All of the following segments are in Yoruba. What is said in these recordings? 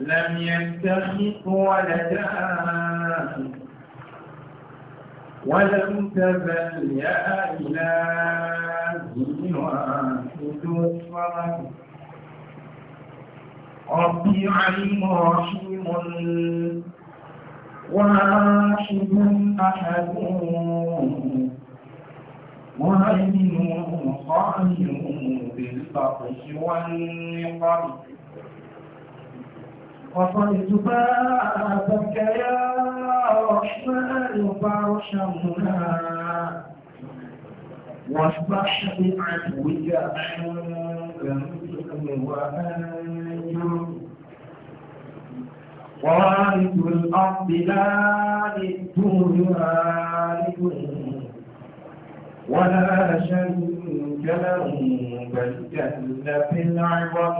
لم يتخذ ولدا ولم تبل يا إلهي واحد الصمد ربي عليم رحيم واحد أحد مهيمن قائم بالبطش والنقم وصلتها بك يا رحمن فارحمنا واصبح بعدوك عنك ذنبي وانجر وارث الارض لا للدنيا ولا شريك له بل جل في العظم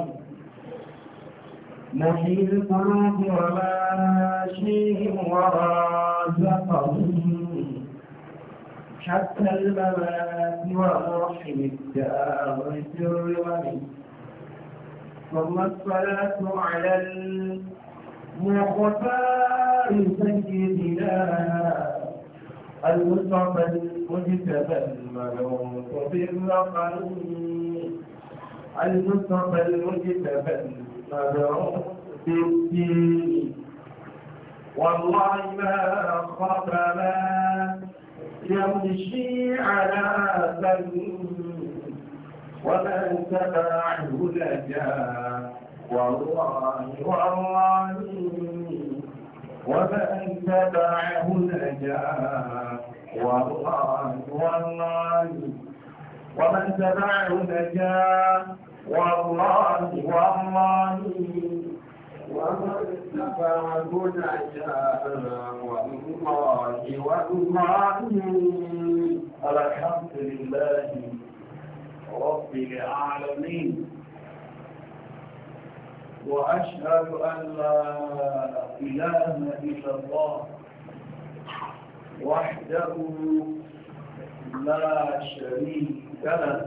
نحي القلوب وما يشيهم ورازقهم حتى الممات ومرحم الدار سر ومن ثم الصلاة على المخفى سيدنا المصطفى المجتبى الملوك بالرقم المصطفى المجتبى فدعوا بالدين والله ما خبلا يمشي على بني ومن تبعه لجا والله والله ومن تبعه لجا والله والله والله والله وما اتبعتنا يا والله والله الحمد لله رب العالمين وأشهد أن لا إله إلا الله وحده لا شريك له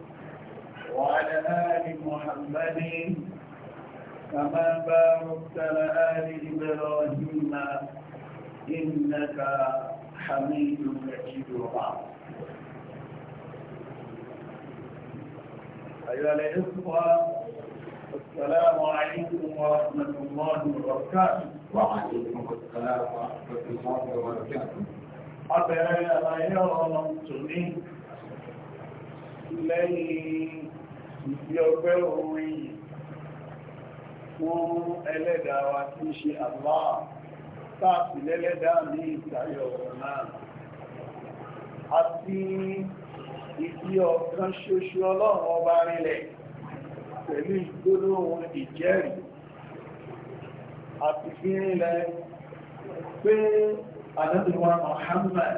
وعلى آل محمد كما باركت على آل إبراهيم إنك حميد مجيد وعظيم أيها الإخوة السلام عليكم ورحمة الله وبركاته وعليكم السلام ورحمة الله وبركاته حتى يا غير ممتنين ìfi ọgbẹ́ ohun iyì fún ẹlẹ́dàá wa tí ń ṣe Allah sáàtì lẹ́lẹ́dàá ní ìtayọ̀ náà àti ìfi ọ̀kan ṣoṣo ọlọ́run ọba rinlẹ̀ pẹ̀lú ìgbónáwọn ìjẹ́rìí àti fi rinlẹ̀ pé àdọ́dọ̀wà Muhammad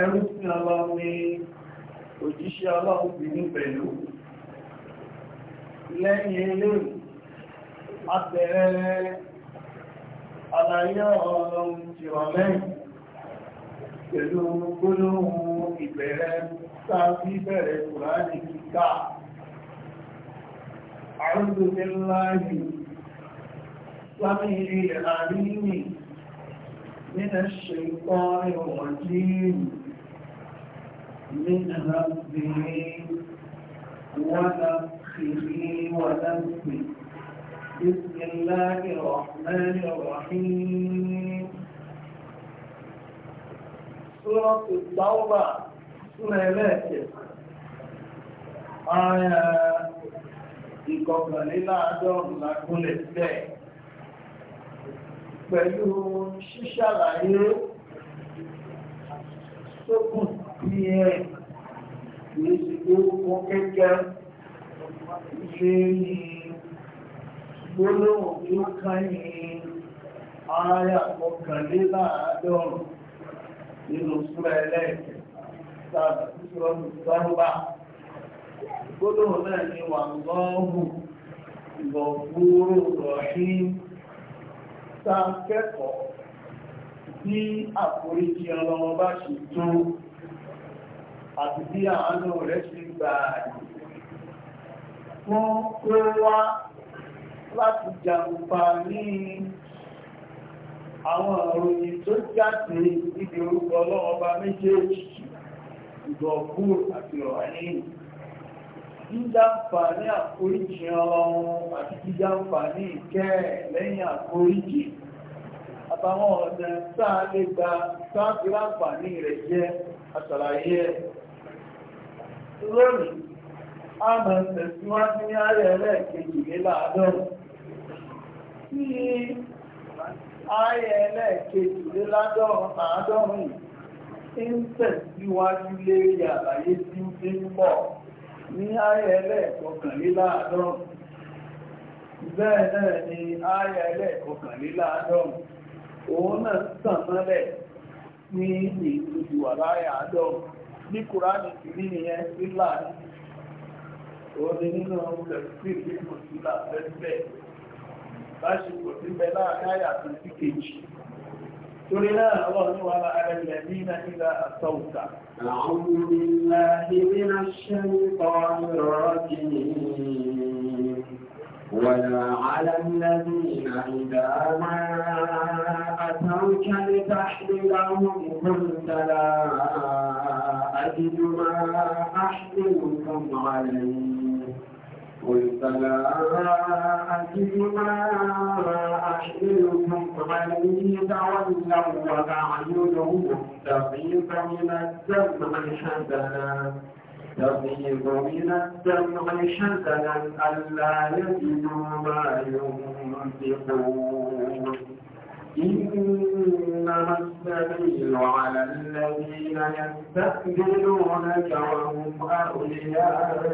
ẹrú sí ọlọ́run ní òjíṣẹ́ ọlọ́run fi mú pẹ̀lú lẹ́yìn ilé àtẹ̀rẹ àlàyé ọ̀rọ̀ ti wà lẹ́yìn pẹ̀lú gbólóhùn ìbẹ̀rẹ̀ sáàbí bẹ̀rẹ̀ kùránì kíkà àrùndò níláàrí sáàbí ilẹ̀ àríyìn nínú ṣe ìkọ́ ìwọ̀n jíìnì منها همزه ونفخه ونفسه بسم الله الرحمن الرحيم سورة التوبة سورة الهاتف آية ìkọkànléláàádọ́rùn lágúnlẹ̀ bẹ́ẹ̀ pẹ̀lú ṣíṣàlàyé tó kùn díẹ̀ kìí ṣe pé ó kẹ́kẹ́ ṣe ní gbólóhùn tí ó káyìn ààrẹ àkọkànléláàádọ́rùn nínú súnra ẹlẹ́ẹ̀kẹ́ sáàbà tí sọ́rọ̀ sáàbà gbólóhùn náà ọlọ́wọ́ bá ṣe tó àti bí àánú rẹ̀ ṣe gbà fún pé wá láti jàǹfà ní àwọn òròyìn tó jáde níbi orúkọ ọlọ́ọba méjèèjì ìgbọ̀gbù àti ọ̀hání jíjàǹfà ní àforíjì ọlọ́run àti jíjàǹfà ní ìkẹ́ lẹ́yìn àforíjì àtàwọn ọ̀nà sáà lè gba sáà fi láǹfà ní rẹ̀ àtàlàyé ẹ̀ lónìí a mọ̀ tẹ̀síwájú ní ààrẹ ẹlẹ́ẹ̀kejìléláàádọ́rùn tí ààrẹ ẹlẹ́ẹ̀kejìléláàádọ́rùn àádọ́rùn ń tẹ̀síwájú lérí àlàyé tí ó ní ààrẹ bẹ́ẹ̀ náà ni òun náà ní ní kùránì ti rí nìyẹn sílà ní òní nínú tẹ̀sí ní kò sílà lẹ́sẹ̀ láṣepọ̀ síbẹ̀ láàrin àyà tó sí kejì torí náà ọlọ́run ní wàhálà ara ilẹ̀ ní nàìjíríà àtọ́wùtà. àwọn ilẹ̀ ìrìnàṣẹ́ ń kọ́ ọ̀rọ̀ ọ̀rọ̀ ولا على الذين إذا ما أتوك لتحملهم قلت لا أجد ما أحملكم عليه قلت لا أجد ما أحملكم عليه تولوا وأعينهم تفيض من الدمع حزنا تغيب من الدمع شزنا ألا يجدوا ما ينفقون إنما السبيل على الذين يستكبرونك وهم أولياء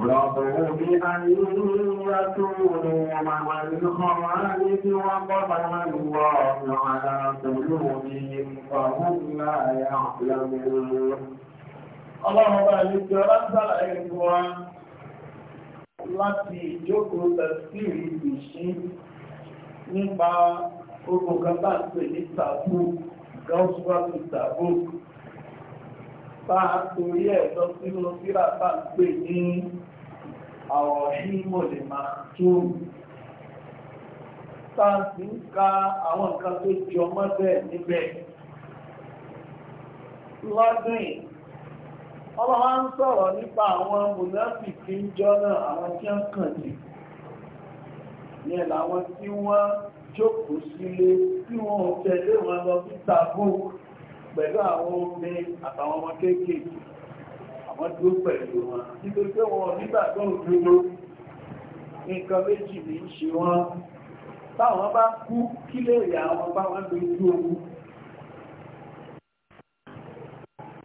رضوا بأن يكونوا مع الخوارج وطبع الله على قلوبهم فهم لا يعلمون ọlọ́run bá lè fi ọlá sára ẹ̀rù wa láti ìjókòó tẹ̀síìrì ìṣí nípa ogun kan bá ń pè ní tàbú gọ́ọ̀sùwàtù tàbú bá a torí ẹ̀ lọ sínú síra bá ń pè ní àwọn ìmọ̀lẹ̀ máa tó táàsì ń ka àwọn nǹkan tó jọ mọ́ bẹ́ẹ̀ níbẹ̀ lọ́dún yìí ọba wa ń sọ̀rọ̀ nípa àwọn mùnáfìkì ń jọ náà àwọn tí ń kàn jù ní ẹ̀ làwọn tí wọ́n jókòó sílé tí wọ́n ò tẹ̀lé wọn lọ sí tàbú pẹ̀lú àwọn omi àtàwọn ọmọ kéékèèké àwọn dúró pẹ̀lú wọn nítorí pé wọn ò nígbàgbọ́ òdodo nǹkan méjì ní í ṣe wọn táwọn bá kú kí lè rí bá wọn lójú ogun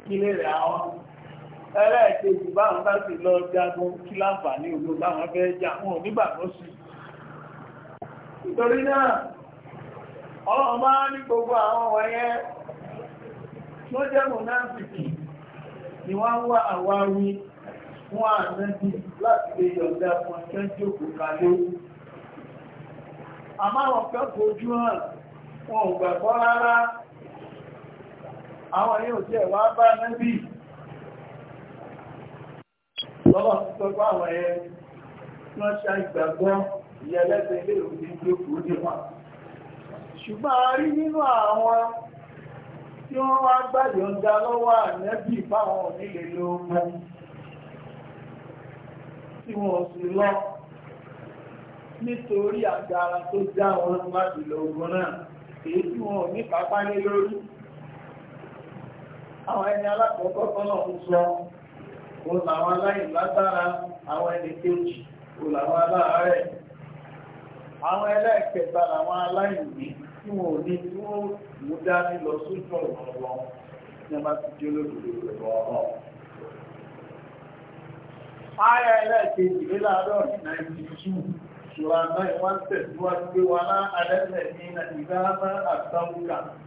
kí lè rí ẹlẹ́ẹ̀kejì báwọn bá sì lọ jagun kí láǹfààní òun láwọn fẹ́ jà wọn nígbà tó sì nítorí náà ọlọ́run máa ní gbogbo àwọn wọ̀nyẹn tó jẹ́ mọ̀náfìkì ni wọ́n wá àwárí fún láti lè fún kalé àmọ́ hàn wọn ò gbàgbọ́ rárá àwọn yóò jẹ́ wá bá lọ́wọ́ sọ pé àwọn ẹ̀ wọ́n ṣá ìgbàgbọ́ ìyá ẹlẹ́sẹ̀ ilé ìwé ní ìjókòó ní wọn. ṣùgbọ́n a rí nínú àwọn tí wọ́n wá gbàdọ̀ ń da lọ́wọ́ ànẹ́bì fáwọn onílé lóògùn tí wọ́n sì lọ nítorí àgbàrá tó já wọn láti lóògùn náà èyí tí wọn ò ní pápá ní lórí. àwọn ẹni alákọ̀ọ́kọ́ kan náà ń sọ òun làwọn aláìlágbára àwọn ẹni kejì òun làwọn aláàárẹ̀ àwọn ẹlẹ́ẹ̀kẹta làwọn aláìní tí wọn ò ní tí wọn mú dání lọ sójú ọ̀rọ̀ wọn ní a máa ti jẹ́ olódodo rẹ̀ ọ̀rọ̀. Ayé ẹlẹ́ẹ̀kejì lé láàárọ̀ náìjí tú ṣùgbọ́n náà wọ́n tẹ̀síwájú pé wọn alẹ́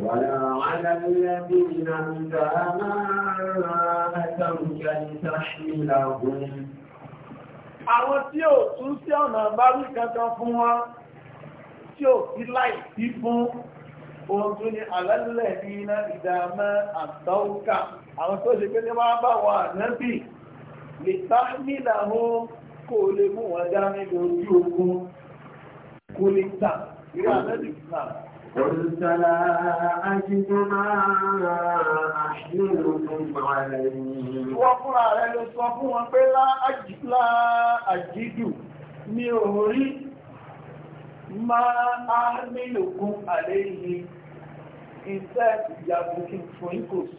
ولا على الذين إذا ما أتوك لتحملهم Àwọn tí ò tún sí ọ̀nà àbáwí kankan fún wa tí ò sí láìsí fún ohun tó ní àlẹ́lẹ̀ ní iná ìdámẹ́ àtọ́ọ́kà. Àwọn tó ṣe pé ní wọ́n bá wà nẹ́bì lè bá nílà kò lè mú wọn dá nílò ojú ogun kò lè tà. قل فلا أجد ما أحملكم عليه وقل على الصفوة فلا أجد لا أجد ميوري ما أحملكم عليه ìfẹ́ ìyàwó kí fún ìkòsù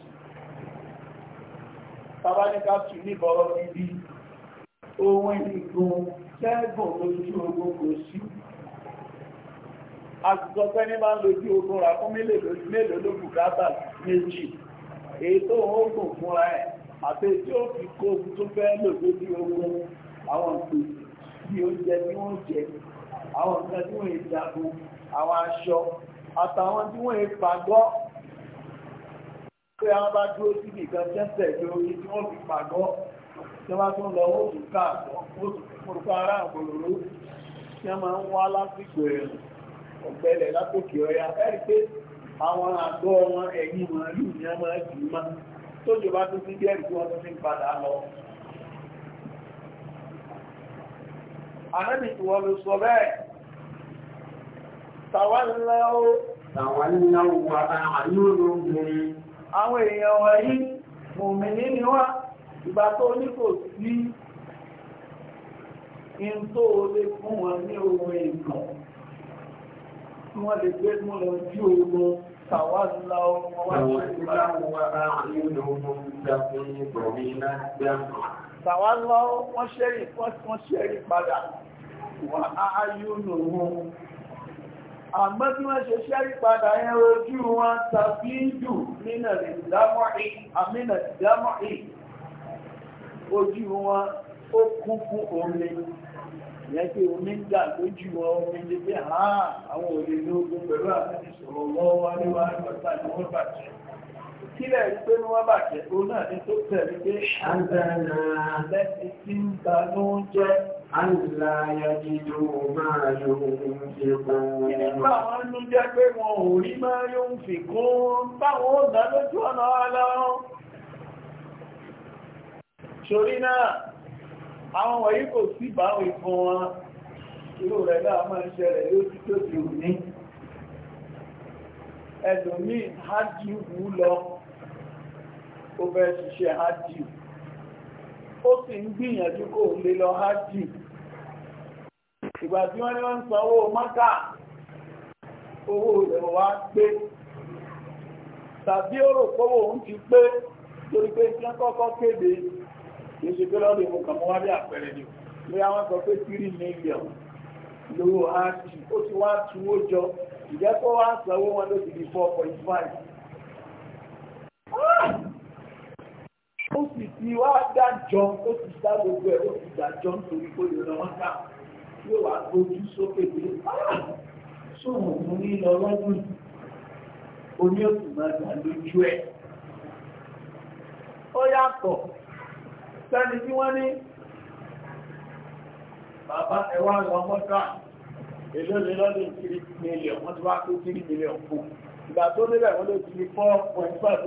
tàbá ní ká tù ní bọ̀rọ̀ ibi ohun ìgbòhun tẹ́gbọ̀n lójú ogun kò sí àtìsọ pé ní bá ń lójú ogun rà fún mélòó lójú káàtà méjì èyí tó ń ogun fúnra ẹ̀ àti tí ó fi kó tó fẹ́ lòdó sí ogun àwọn nǹkan bí oúnjẹ tí wọ́n jẹ àwọn nǹkan tí wọ́n jagun àwọn aṣọ àtàwọn tí wọ́n pàgọ́ pé àwọn bá dúró sí nìkan tẹ́sẹ̀ lórí tí wọ́n fi pàgọ́ tí wọ́n tún lọ ó tún káàkọ́ ó ara àgbòrò tí wọ́n máa ń wá lásìkò ẹ̀rùn ọ̀gbẹ́lẹ̀ látòkè ọya ẹ̀rí pé àwọn àgọ́ wọn ẹ̀yìn màálù ni a máa jù mọ́ tójò bá tún sí bí ẹ̀rí tí wọ́n tún fi ń padà lọ. Ànábì tí wọ́n lọ sọ bẹ́ẹ̀ tàwáláwó tàwáláwó wà àyúrògùn àwọn èèyàn wọ̀nyí mùmìnì ni wá ìgbà tó ní kò sí ní ohun èèkàn tí wọ́n lè gbé mú lọ ojú ogun tàwádìlá ọmọ wá ṣe láwọn àrílò ogun ìjàpín ìbọ̀mí náà dáàbò. tàwádìlá wọ́n ṣẹ́rí wọ́n ṣẹ́rí padà wà áyúnù wọn àmọ́ tí wọ́n ṣe ṣẹ́rí padà yẹn ojú wọn tàbí jù nínà ìdámọ́ì àmìnà ìdámọ́ì ojú wọn ó kún fún omi ìyẹn pé omi ń dà lójú ọmọ ilé pé àwọn òde ní ogun pẹ̀lú àti sọ̀rọ̀ lọ́wọ́ níwá nígbàtà ni wọ́n bàjẹ́ kílẹ̀ rí pé wọ́n bàjẹ́ ó náà ní tó tẹ̀lé pé ṣàǹdàlà lẹ́ni tí ń ba ló ń jẹ́ aláyàjídó àwọn wọ̀nyí kò sí báwọn ìfún wọn irú rẹ̀ náà máa ń ṣẹlẹ̀ yóò ti tó ti rù ní ẹlòmíì hajji wù lọ ó fẹ́ ṣiṣẹ́ hajji ó sì ń gbìyànjú kó lè lọ hajji ìgbà tí wọ́n ní wọ́n ń sanwó mọ́kà owó rẹ̀ wá pé tàbí ó rò pọ́wọ́ òun ti pé torí pé tí wọ́n kọ́kọ́ kéde kìí ṣe pé lọ́dọ̀ ìmúkàn mọ́ wá bí àpẹẹrẹ ni lórí àwọn sọ pé three million lówó áàtì ó ti wá tuwó jọ ìjẹ́pọ̀ wá sanwó wọn ló ti di four point five. Ah! ó sì ti wá dájọ́ ó ti dá gbogbo ẹ̀ ó ti dájọ́ nítorí pé ìrọ̀lẹ́ wọn kà yóò wá gbójú sókè pé sóhùn ah! mú ní lọ́lọ́dún oní òtún máa gbà lójú ẹ̀. ó yàtọ̀ sẹ́ni tí wọ́n ní bàbá ẹwà àwọn mọ́tà èlò lè lọ́dún tírí mílíọ̀n wọ́n ti wá kó tírí mílíọ̀n kú ìgbà tó níbẹ̀ wọ́n ló ti ní four point five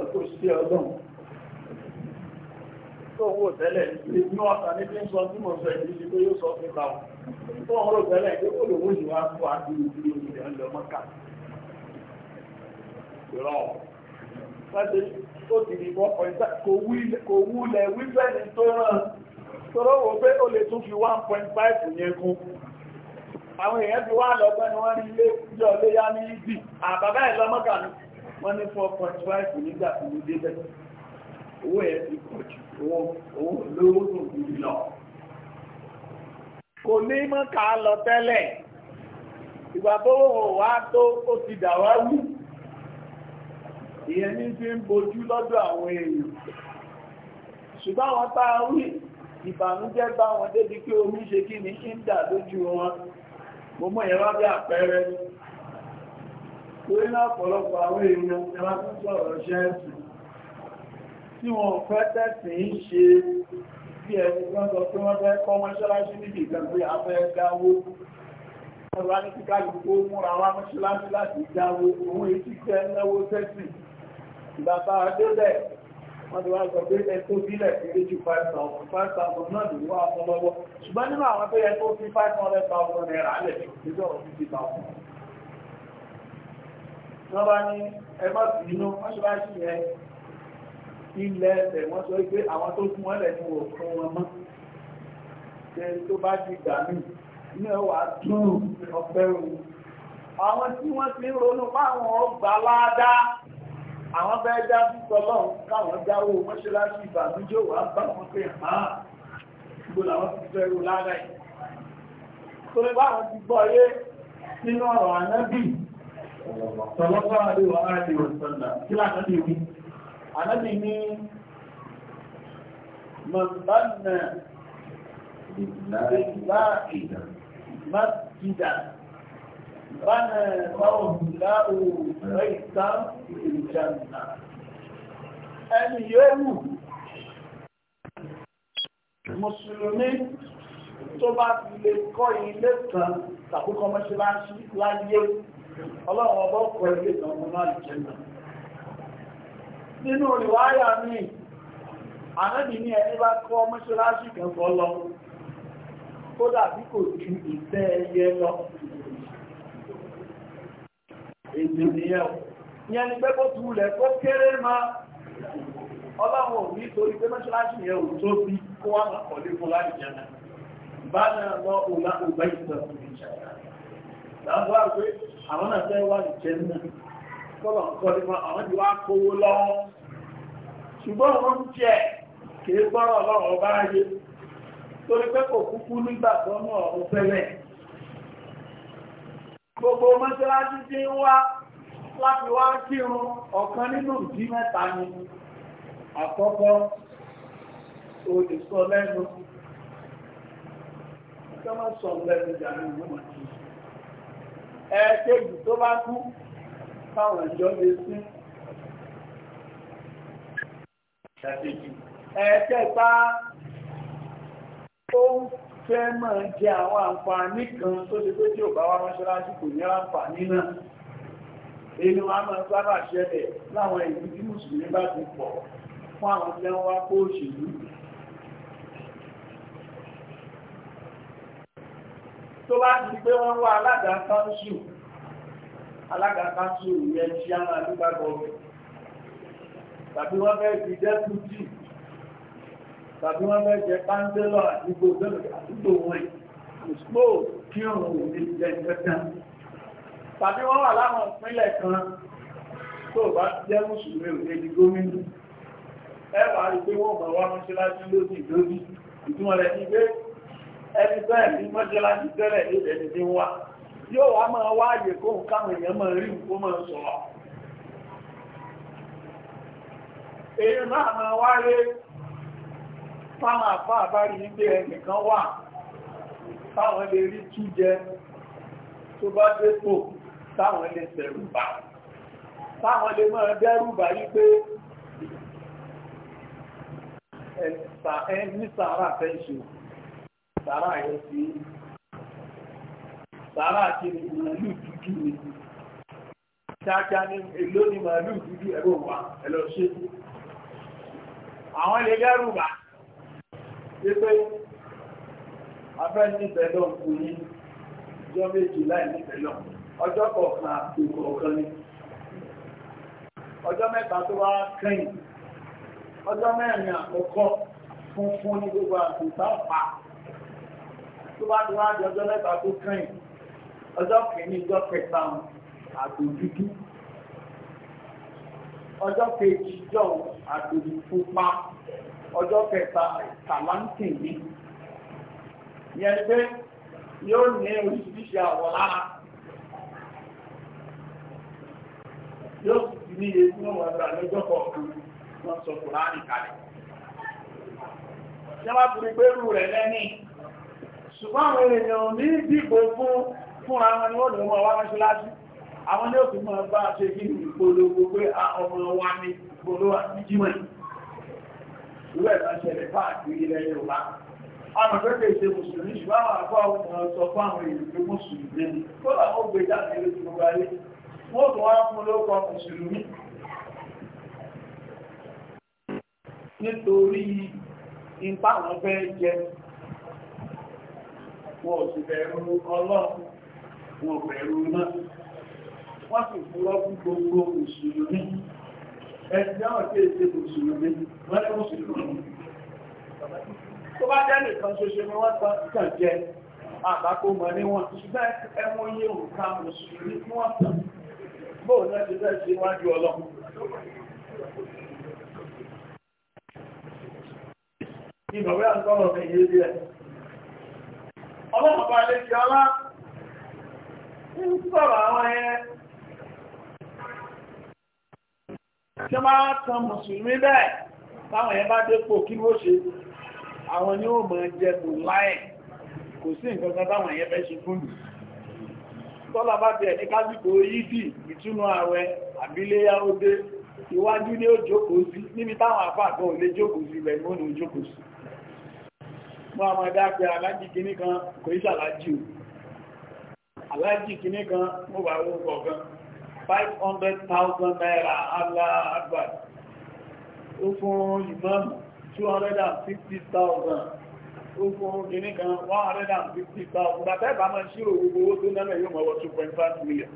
ọkọ̀ sí ọdún tó owó tẹ́lẹ̀ inú ọ̀tà ní bí ń sọ tí mo sọ ìdí sí pé yóò sọ fún ta wọn tó ń rò tẹ́lẹ̀ pé ó lòwó yìí wá fún àdúrú tí ó ti lè ń lọ mọ́tà ìrọ̀ tó ti di bọ́ ọ̀ìsá kò wúlẹ̀ wípé ní tó ràn tọ́rọ wò pé ó lè tún fi 1.5 yẹn kún àwọn èèyàn fi wá lọ́gbọ́n ni wọ́n rí ilé ìjọ lé yá ní ìdí àbàbá ẹ̀ lọ́mọ́gà ni wọ́n ní 4.5 nígbà tí ó dé bẹ́ẹ̀ owó ẹ̀ ti pọ̀ jù owó lówó tó ti lọ kò ní mọ́ ká lọ tẹ́lẹ̀ ìgbà tó wò tó ó ti dà wá wù ìyẹn ní fi ń bojú lọ́dọ̀ àwọn èèyàn ṣùgbọ́n àwọn tá a wí ìbànújẹ́ bá wọn débi pé omi ṣe kí ni ń dà lójú wọn mo mọ̀ ìyẹn wá bí àpẹẹrẹ torí náà pọ̀lọpọ̀ àwọn èèyàn ẹwà tó sọ̀rọ̀ ṣẹ́ẹ̀sì tí wọ́n fẹ́ tẹ̀sìn ń ṣe bí ẹni wọ́n sọ pé wọ́n fẹ́ kọ́ mọ́ṣáláṣí níbi ìgbẹ̀m pé a fẹ́ dáwó ọ̀rọ̀ ní kíkà yìí kó múra wá mọ́ṣáláṣí láti dáwó òun èyí tí fẹ́ náwó tẹ̀sìn ìgbàta àdébẹ̀ wọ́n ti wá sọ pé ẹ̀tọ́ bílẹ̀ kéré ju 5,000 náà lè wá ọmọ lọ́wọ́ ṣùgbọ́n nínú àwọn tó yẹ tó fi 500,000 naira lẹ̀ nígbà ọ̀rọ̀ 50,000 wọ́n bá ní ẹgbẹ́ sí inú wọ́n ṣe bá ṣì yẹn ilẹ̀ ẹ̀sẹ̀ wọ́n sọ pé àwọn tó fún wọn lẹ̀ ní òfin wọn mọ́ ṣe tó bá ti gbà mí ní ọwà tí wọ́n ti ń ronú fáwọn ọgbà ládàá àwọn bẹ́ẹ̀ dá títọ́ lọ́hùn káwọn dáwó mọ́ṣáláṣí ìbànújẹ́ wà bá wọn pé àmà gbogbo làwọn ti fẹ́ ro lára ẹ̀ torí báwọn ti gbọ́ yé nínú ọ̀rọ̀ ànábì tọ̀lọ́pọ̀ àdéhùn aráàlú ọ̀sánlá kí láàrín ìwé ànábì ní mọ̀bánà ìgbà ìgbà ìgbà Ẹni yóò mú Mùsùlùmí tó bá ti lè kọ́ ilé kan tàbúkọ mọ́ṣíláṣí láyé ọlọ́run ọba ọkọ̀ ilé kan mọ́ náà jẹ́ náà. Nínú ìwáyà ní ànábì ní ẹni bá kọ́ kan fọ́ lọ, kódà bí kò ju ẹyẹ lọ èdè nìyẹn ìyẹn ni pé kó tu rẹ̀ kó kéré ma ọlọ́run ò ní torí pé mọ́ṣáláṣí yẹn ò tó bí kó wá máa kọ̀lé fún láti jẹ́ náà bá náà lọ òun láti gbẹ́ ìtọ́jú ìṣẹ̀lá láàbọ̀ àgbẹ̀ àwọn náà fẹ́ wá ìjẹ́ náà kọ́lọ̀ kọ́lé mọ́ àwọn ti wá kówó lọ́wọ́ ṣùgbọ́n wọ́n ń jẹ́ kì í gbọ́rọ̀ ọlọ́run ọba ayé torí pé kò kúkú nígbà tó náà ó fẹ́lẹ̀ gbogbo mọ́ṣáláṣí tí ń wá láti wá o ọ̀kan nínú ìdí mẹ́ta ni àkọ́kọ́ olùsọ lẹ́nu sọ́mọ́ sọ lẹ́nu ìjànú ìwọ̀n àti ẹ̀ẹ́kejì tó bá kú káwọn ìjọ lè sí ẹ̀ẹ́kẹta ó ń fẹ́ máa jẹ àwọn àǹfààní kan tó ṣe pé tí ò bá wá mọ́ṣáláṣí kò ní àǹfààní náà inú a máa sábà ṣẹlẹ̀ láwọn ìlú tí mùsùlùmí bá ti pọ̀ fún àwọn tí wọ́n wá kó òṣèlú tó bá ti pé wọ́n wá alága káńsù alága káńsù ìyẹn tí a máa dúgbà gọ́ọ̀mù tàbí wọ́n fẹ́ fi dẹ́kùtì tàbí wọ́n fẹ́ jẹ pàńdélọ̀ àdúgbò bẹ́ẹ̀ àdúgbò wọn ìsúgbò kí òun ò ní jẹ kankan tàbí wọ́n wà láwọn ìpínlẹ̀ kan tó bá jẹ́ mùsùlùmí ò di gómìnà ẹ wà rí pé wọ́n mọ̀ wá mọ́ṣáláṣí lódì lódì ìtumọ̀ rẹ̀ ni pé ẹni bẹ́ẹ̀ ní mọ́ṣáláṣí tẹ́lẹ̀ ní ẹni tí ń wà yóò wá máa wá àyè kó káwọn èèyàn máa rí nǹkó máa sọ̀rọ̀ èèyàn náà máa wáyé táwọn àfá àbárí ilé ẹnìkan wà táwọn lè rí tú jẹ tó bá dépò táwọn lè tẹ̀rùbà táwọn lè máa dẹ́rùbà yí pé ní sàárà fẹ́ ṣe sàárà yẹ sí sàárà kí ni màálù dúdú ni kíákíá ní èló ni màálù dúdú ẹ̀rọ wà ẹ̀lọ́ṣẹ́ àwọn lè dẹ́rùbà wípé afẹ́ nífẹ̀ẹ́ lọ kù ní ọjọ́ méjì láì nífẹ̀ẹ́ lọ ọjọ́ kọ̀ọ̀kan àkókò ọ̀kan ni ọjọ́ mẹ́ta tó wá kẹ́yìn ọjọ́ mẹ́rin àkọ́kọ́ funfun ní gbogbo àtúntà pa tó bá ti wá di ọjọ́ mẹ́ta tó kẹ́yìn ọjọ́ kìíní ọjọ́ kẹta àgbò dúdú ọjọ́ kejì jọ àgbò pupa ọjọ́ kẹta kàláńtì ní yẹn pé yóò ní oríṣiríṣi àwọ̀ lára yóò sì ti ní iye tí wọ́n gbà lọ́jọ́ kọ̀ọ̀kan wọ́n sọ kùránì kalẹ̀ yẹ́wà tó rí pé rú rẹ̀ lẹ́ni ṣùgbọ́n àwọn èèyàn ní dìbò fún fúnra wọn ni wọ́n lè ìwé ẹ̀rọ ṣẹlẹ̀ káàkiri ilẹ̀ Yorùbá àwọn ìfẹ́fẹ́ ìṣe mùsùlùmí ṣùgbọ́n àwọn àpá fún àwọn èèyàn mùsùlùmí ni kó làwọn gbé jáde lójú gbogbo ayé wọ́n tún wá fún lóko mùsùlùmí nítorí ipa fẹ́ jẹ wọn ò sì wọn ò bẹ̀rù wọ́n sì fúrọ́ fún gbogbo mùsùlùmí ẹ̀sìn àwọn tí èsì mùsùlùmí wọ́n ní mùsùlùmí. tó bá jẹ́ nìkan ṣoṣo ni wọ́n tàn jẹ àbákò mọ̀ níwọ̀n ṣùgbọ́n ẹ̀wọ̀n yé òǹkà mùsùlùmí fún ọ̀tàn bóò náà ti fẹ́ ṣe wájú ọlọ́run. Ìbọ̀wé àtọ́rọ̀ mi yé bí ẹ̀. Ọlọ́run bá lè ṣe ọlá ń sọ̀rọ̀ àwọn ẹ̀ tí wọ́n máa tan mùsùlùmí bẹ́ẹ̀ táwọn yẹn bá dépò kí ló ṣe àwọn ni ó mọ̀ jẹ́ kò láì kò sí nǹkan kan táwọn yẹn fẹ́ ṣe fún mi tọ́lá bá bẹ̀rẹ̀ ní kásìkò yídì ìtúnú ààwẹ̀ àbíléyà ó dé ìwájú ní ó jókòó sí níbi táwọn àfáàkọ́ ò lè jókòó sí ilẹ̀ ìmúnù jókòó sí mọ́ àmọ́ dápẹ́ alájì kìíní kò í ṣàlájì ò alájì kìíní mo bá wó kọ̀ọ̀kan 500,000 naira Allah Akbar ó fún ìmáàmù 250,000 ó fún kìíní kan 150,000 bàtà ẹ̀bà máa ṣírò gbogbo owó tó náà yóò mọ̀wọ́ 2.5 million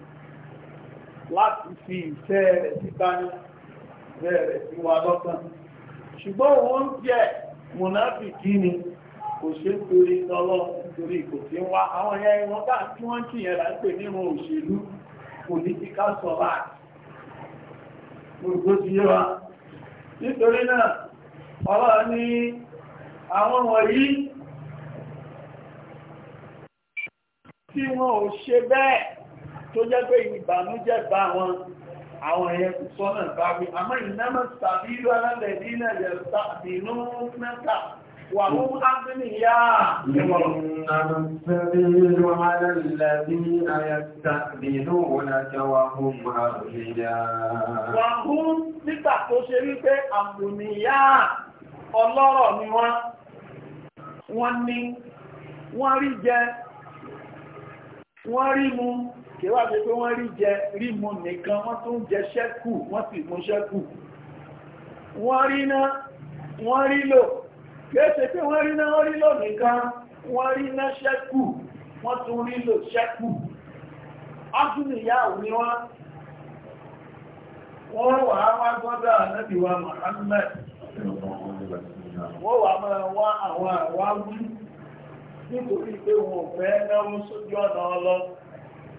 láti fi ìfẹ́ rẹ̀ síta ní bẹ̀rẹ̀ sí wa lọ́kàn ṣùgbọ́n òun jẹ́ mùnáfìkí ni kò ṣe ń torí tọ́lọ́ nítorí kò sí wá àwọn ẹ̀yẹ wọn káà tí wọ́n kìí yẹn là ń pè nínú political survive gbogbo ti yé wa nítorí náà ọlọ́rọ̀ ní àwọn wọ̀nyí tí wọn ò ṣe bẹ́ẹ̀ tó jẹ́ pé ìbànújẹ́ bá wọn àwọn ẹ̀yẹ kò sọ́nà bá wí àmọ́ ìnámọ̀ tàbí ìlú alálẹ̀ nílẹ̀ yẹ̀ tàbí inú mẹ́ta إنما السبيل على الذين يستأذنونك وهم أغنياء وهم nígbà tó ṣe wípé àmùníyà ọlọ́rọ̀ ni wọ́n wọ́n ní wọ́n rí jẹ wọ́n rí mu kìwà pé pé wọ́n rí jẹ rí mu nìkan wọ́n tún jẹ ṣẹ́kù wọ́n sì mú ṣẹ́kù wọ́n rí ná wọ́n rí lò kéèṣe pé wọ́n rí náà rí lò nìkan wọ́n rí náà ṣẹ́kù wọ́n tún rí lò ṣẹ́kù ọ́dúnìyà ni wọ́n wọ́n wà wá gbọ́dọ̀ ànábì wa Muhammad wọ́n wà máa wá àwọn àwáwí nítorí pé wọn fẹ́ náwó sójú ọ̀nà ọlọ́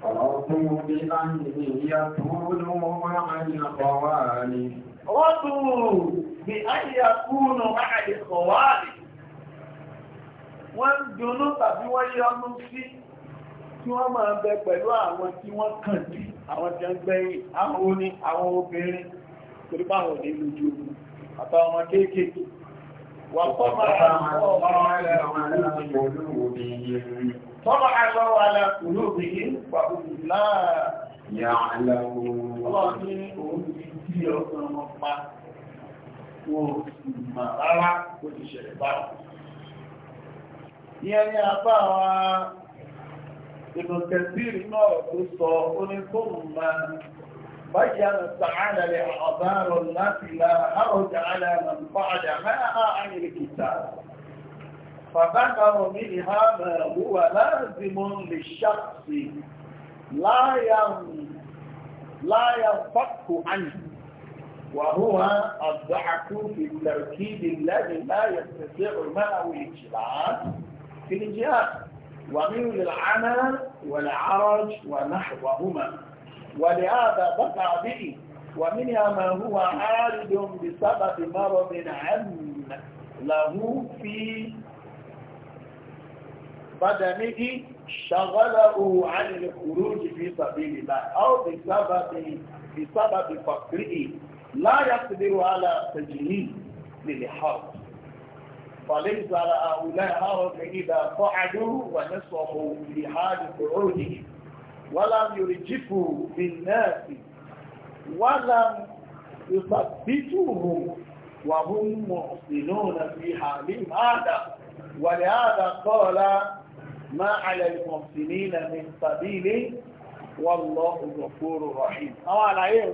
Ọ̀rọ̀ fún omi láàrin ìyá tó lówó máa ń yàtọ̀ wáàrin. رضوا بأن يكونوا مع الخوارج wọ́n ń dunú tàbí wọ́n yọnu sí kí wọ́n máa bẹ pẹ̀lú àwọn tí wọ́n kàn àwọn tí wọ́n gbẹ̀yìn àwọn oní àwọn obìnrin torí báwọn ò ní lójú ogun àtàwọn máa bí ọgbọ́n wọn pa wọn ò sì mà rárá ó ti apá àwọn náà tó sọ oníkóhùn تعالى لأعذار التي لا أرد الكتاب فذكر منها هو لازم للشخص لا ينفك عنه وهو الضحك في التركيب الذي لا يستطيع معه الاجتماع في الجهاد ومن العمل والعرج ونحوهما ولهذا بقى به ومنها ما هو عارض بسبب مرض عم له في بدنه شغله عن الخروج في سبيل الله أو بسبب بسبب فقره لا يقدر على تجهيز للحرب فليس على هؤلاء حرب إذا صعدوا ونصبوا في حال قعودهم ولم يرجفوا بالناس ولم يثبتوهم وهم محسنون في حالهم هذا ولهذا قال ما على المحسنين من سبيل والله غفور رحيم. أو على إيه؟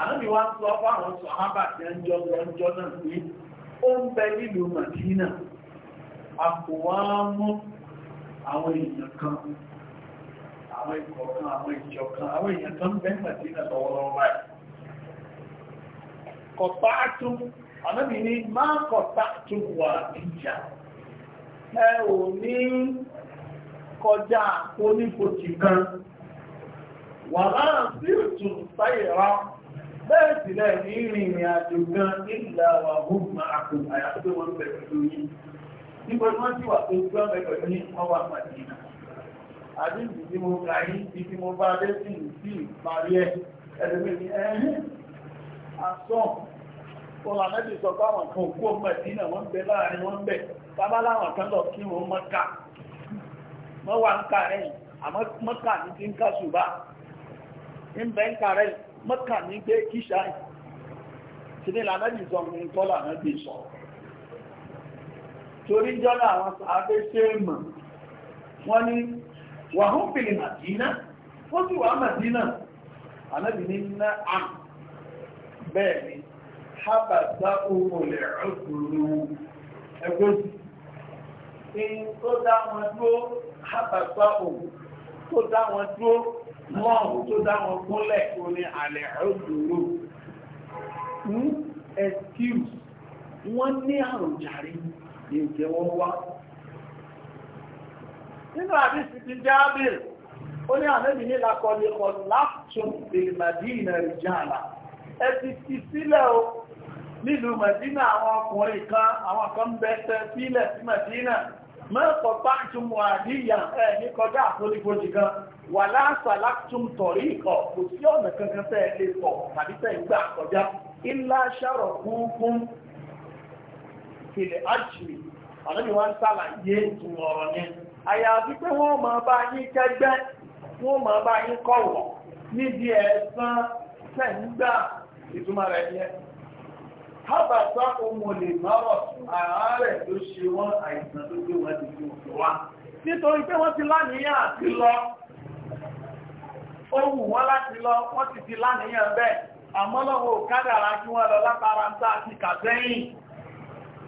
àlọ́bí wá sọ fáwọn sọ àbàtì ẹjọ́ lọ́jọ́ náà pé ó ń bẹ nílùú Màdínà àpòwámú àwọn èèyàn kan àwọn ikọ̀ kan àwọn ìjọ kan àwọn èèyàn kan bẹ Màdínà lọ́wọ́lọ́wọ́ báyìí kọ̀pá tún àlọ́bí ní má kọ̀pá tún wà níjà ẹ ò ní kọjá onífojì kan wà láàrín sí òtún sáyẹ̀rá bẹ́ẹ̀ sì lẹ̀ ní ìrìnrìn àjò gan ìlà wà hùn máa kò àyàfi tó pẹ̀lú yín nígbà wọ́n ti wà tó gbọ́ bẹ̀rẹ̀ pẹ̀lú wọ́n wà Màdínà àdínkù tí mo kà yí ti tí mo bá dé sí sí parí ẹ ẹlẹ́mìí ẹ̀hìn asọ́n sọ kan kú ọmọ ìdínà wọ́n bẹ láàrin wọ́n bẹ láwọn kan lọ kí wà ń rẹ̀ àmọ́ mọ́kà ní gbé kíṣà yìí tí ní lànàbì sọ ní tọ́lá náà bí sọ torí jọ́lá àwọn sàábé ṣe mọ̀ wọ́n ní wàhún pèlè màdínà ó sì wà màdínà ànábì ní ná àm bẹ́ẹ̀ ni hábàtà ohun ilẹ̀ ọ̀gbọ̀n ẹgbẹ́sì in tó dá wọn dúró hábàtà ohun um. tó dá wọn dúró lọ́ọ̀hún tó dá wọn gúnlẹ̀ kó ní àlẹ́ òdòdó hmm? excuse wọ́n ní àrùn jàrí ìjẹ́ wọ́n wá nínú àdísì ti jábìr ó ní àmẹ́bì ní lakọni ọ̀láàtún ìlmàdínà ìjàlá ẹ ti ti sílẹ̀ o nílùú màdínà àwọn ọkùnrin kan àwọn kan bẹ́ẹ̀ mẹ́pọ̀ pàtún wà níyà ẹ̀ ní kọjá àfonífojì gan wà láàṣà látún tọ̀rí ìkọ̀ kò ọ̀nà kankan tẹ́ ẹ lè pọ̀ tàbí tẹ́ kọjá ilá ṣàrọ̀ kúnkún kìlẹ̀ ájìlì àlọ́bí wá ń sàlàyé ọ̀rọ̀ ni àyàfi pé wọ́n máa bá yín kẹgbẹ́ wọ́n hábàtà òmòlè márọ̀ àárẹ̀ ló ṣe wọ́n àìsàn tó gbé wọn dìbò òkè wá nítorí pé wọ́n ti láníyàn àti lọ ó wù wọ́n láti lọ wọ́n ti ti láníyàn bẹ́ẹ̀ àmọ́ lọ́wọ́ kádàrá kí wọ́n lọ látara ń tà àti kàtẹ́yìn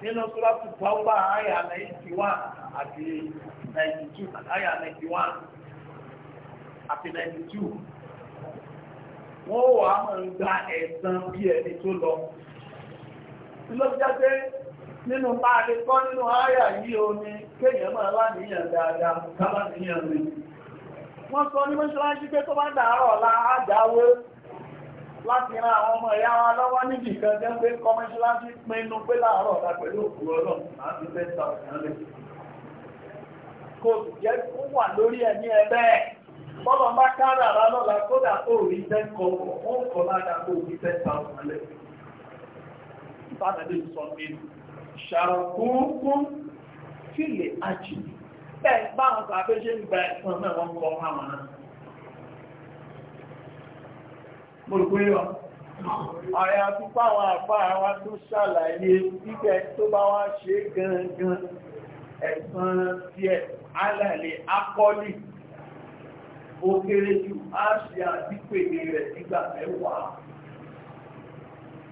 nínú sọ́lọ́pù pọ́ńbà àyà 91 àti 92 àyà 91 àti 92 wọ́n wà mọ̀ ń gba ẹ̀san bí ẹni tó lọ ló já pé nínú bá a lè kọ́ nínú àyà yìí o ní kéèyàn máa wá níyàn dáadáa kábà níyàn rẹ̀ wọ́n sọ ní mọ́ṣáláṣí pé tó bá dàárọ̀ ọ̀la àdáwó láti ran àwọn ọmọ ìyá wa lọ́wọ́ níbi kan jẹ́ pé kọ́mọ́ṣáláṣí pinnu pé láàárọ̀ ọ̀la pẹ̀lú òkú ọlọ́run àti bẹ́ẹ̀ ta ọ̀sán lẹ̀ kò jẹ́ kó wà lórí ẹ̀mí ẹ bẹ́ẹ̀ bọ́lọ̀ bá kára ara lọ́la kódà ó rí ten ó kọ́ kó rí ten thousand sánàdé sọ́nbí ṣàrùkúnkún fílẹ̀ ajì bẹ́ẹ̀ báwọn sàbẹ́ ṣe ń gba ẹ̀sán náà wọ́n kọ́ hàmà mọ̀lùkúyọ́ àyà tó báwọn àpá àwọn tó ṣàlàyé gbígbẹ́ tó bá wá ṣe gangan ẹ̀sán díẹ̀ alàlẹ̀ akọ́lì ó kéré jù á ṣe àdípèlè rẹ̀ nígbà mẹ́wàá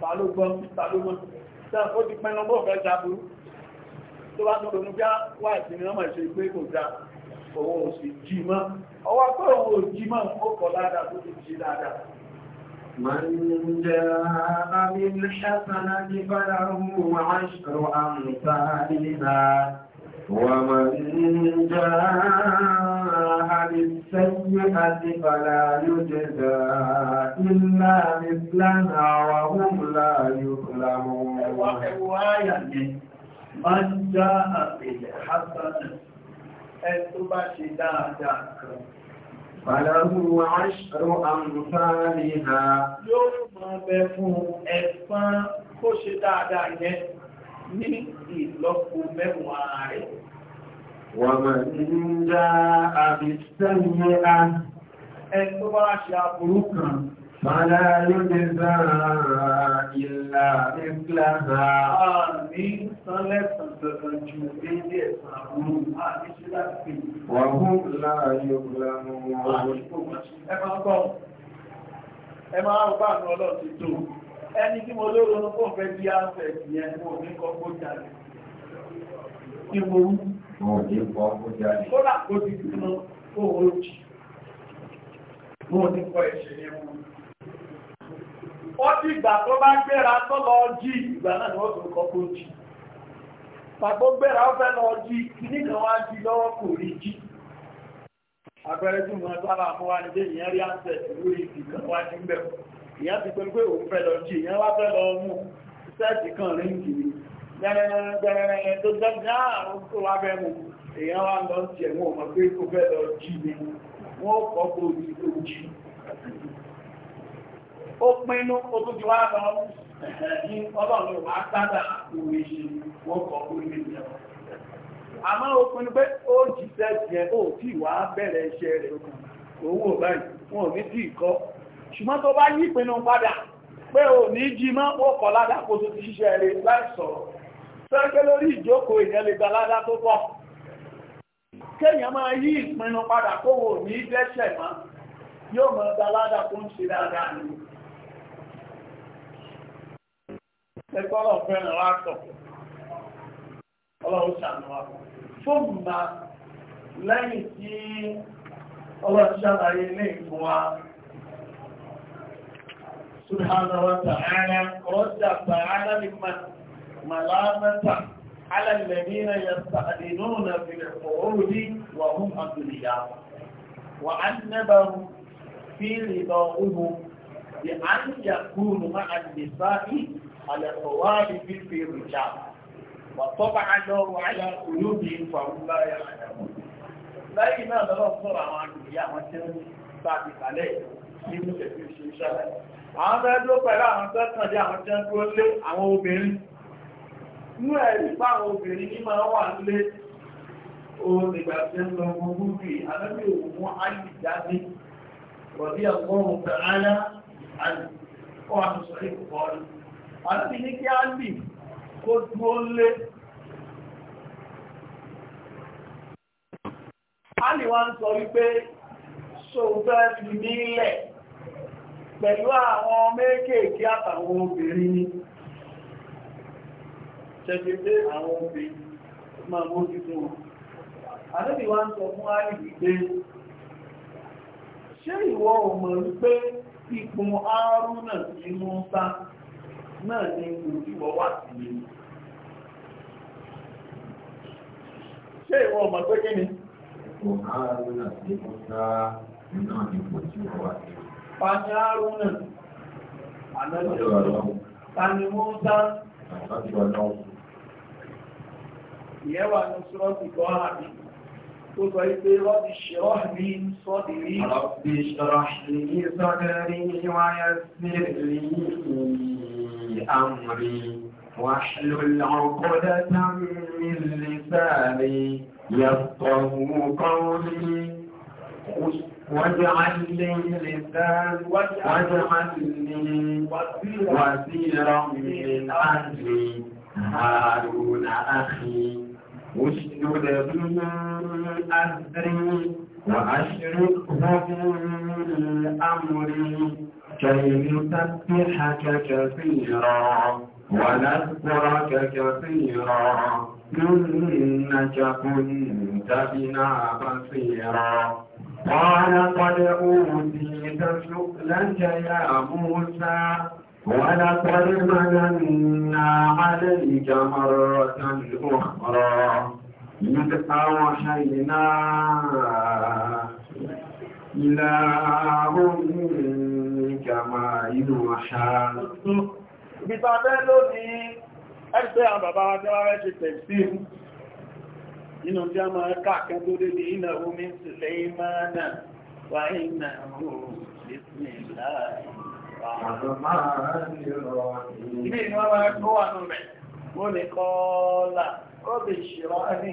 ta ló gbọ́ ta ló mọ́ tẹ́ ó ti pẹ́ lọ́gbọ́ ọ̀fẹ́ jaburú tó bá tún ronú bí wà sí ní ọmọ ìṣe pé kò da òun ò jí mọ́ ọwọ́ jí mọ́ tó ti jí ومن جاء بالسيئة فلا يجزى إلا مثلنا وهم لا يظلمون وحوايا من جاء بالحسنة فله عشر أمثالها يوم بفو إسفا خوش دادا ní ìlọ́po mẹ́wàá rẹ̀. Wàmà ń já àbìsẹ́yẹ á. Ẹni tó bá ṣe aburú kan. Fàlá yóò lè sára ìlà ìpìlànà. A ní sánlẹ̀sàn dandan ju dédé ẹ̀sàn aburú àti ṣe láti pè. Wà ẹni tí mo lóró ní kó fẹ́ bí áfẹ́ ìyẹn mo ní kọ́ kó jáde kí mo wú mo ní kọ́ kó jáde kó là kó ti dùn kó o jì mo ní kọ́ ẹ̀ṣẹ̀ yẹn mo ó ti gbà tó bá gbéra tó lọ jí ìgbà náà ni wọ́n tó kọ́ kó jì pàtó gbéra ó fẹ́ lọ jí kíní kan wá jí lọ́wọ́ kò rí jí àpẹẹrẹ tí mo sábà mú wa ní dé ìyẹn rí àṣẹ lórí ìdìkan wájú bẹ́ẹ̀ ìyá ti pẹ̀lú pé òun fẹ́ lọ jí ìyá wá fẹ́ lọ mú sẹ́ẹ̀tì kan rí kìí gbẹ̀rẹ̀rẹ̀ tó dájá ah, ó wá fẹ́ mú ìyá wá lọ sí ẹ̀wọ̀n ọmọ pé kó fẹ́ lọ jí ni wọ́n kọ́ kó jí tó jí ó pinnu ó tún ti wá lọ ní ọlọ́run wá sádà òwe ṣe wọ́n kọ́ kó ní ìjọba àmọ́ ó pinnu pé ó jí sẹ́ẹ̀tì ẹ̀ ó tí wàá bẹ̀rẹ̀ iṣẹ́ ṣùgbọ́n tó bá yí ìpinnu padà pé ò ní jí mọ́ ọkọ̀ ládá kó tó ti ṣiṣẹ́ rẹ̀ láì sọ̀rọ̀ sẹ́kẹ́ lórí ìjókòó èèyàn lè gba ládá tó pọ̀ kéèyàn máa yí ìpinnu padà kó wò ní dẹ́ṣẹ̀ mọ́ yóò mọ̀ gba ládá tó ń ṣe dáadáa ni ẹgbẹ́ ọlọ́run fẹ́ràn wá sọ lẹ́yìn tí ọlọ́run ṣàlàyé ilé ìfún wa سبحانه وتعالى رد تعالى لمن ملامة على الذين يستأذنون في القعود وهم أغنياء وعنبهم في رضاهم بأن يكونوا مع النساء على طوائف في الرجال وطبع الله على قلوبهم فهم لا يعلمون لكن هذا إلا الله عن القيامة عليه àwọn tẹ́dúró pẹ̀lú àwọn tẹ́kàn jẹ́ àwọn lé àwọn obìnrin ní ẹ̀rí pa àwọn obìnrin ní máa wà lé oòrùn lọ gbogbo rí òun áìjáde wọ̀dí ọgbọ́rùn tẹ̀rẹ́lá ń sọ wípé fi nílẹ̀ pẹ̀lú àwọn méjèèkì àtàwọn obìnrin ni ṣẹ́gbẹ́ pé àwọn obìnrin máa mójú tó wọn àdébì wá ń sọ fún ààrì wípé ṣé ìwọ ò mọ̀ wípé ipò Hárúnà tí wọ́n sá náà ni òjúwọ́ wà sí ṣé ìwọ ò pé kí ni ipò Hárúnà tí wọ́n sá náà ni òjúwọ́ wà sí Pani Aruna, ànábì ọlọ́run. Pani Musa, ànábì ọlọ́run. Ìyẹ́wà ní Sọ́ọ̀tì kọ́ àmì. Tó sọ ipé rọ́bì ṣọ́ọ̀ ní sọ́dì rí. Rọ́bì ṣọ́ọ̀ ní sọ́dì rí wáyé sí rí àmì. واحلل عقدة من لساني يفقه قولي واجعل لي لسان واجعل لي وزيرا من أهلي هارون أخي اشدد به أزري وأشركه في أمري كي نسبحك كثيرا ونذكرك كثيرا إنك كنت بنا بصيرا قال قد أوتيت سؤلك يا موسى ولقد مننا عليك مرة أخرى إذ أوحينا إلى أمك ما يوحى Ìgbàgbẹ́ ló ní ẹgbẹ́ àbàbá nínú tí a máa káàkẹ́ tó dé ní iná omi sílẹ̀ ìmáàdà wà iná ọ̀rọ̀ bismillah Ilé ìwọ́n máa kó wà nù rẹ̀, mo lè kọ́ ọ́lá, ó lè ṣọ́ ní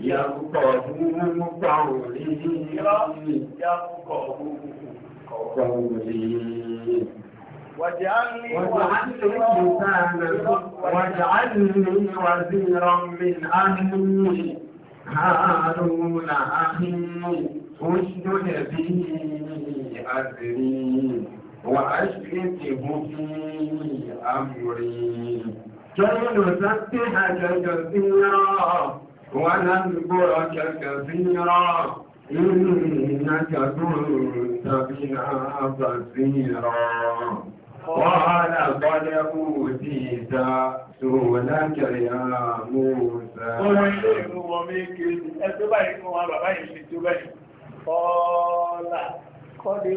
يفقهوا قولي يفقهوا قولي واجعلني وزيرا من أهلي هارون أخي اشدد به أدري وأشركه في أمري كي نسبحك جزيرا ونذكرك كثيرا إنك كنت بنا بصيرا قال قد أوتيت سؤلك يا موسى قال قد أوتيت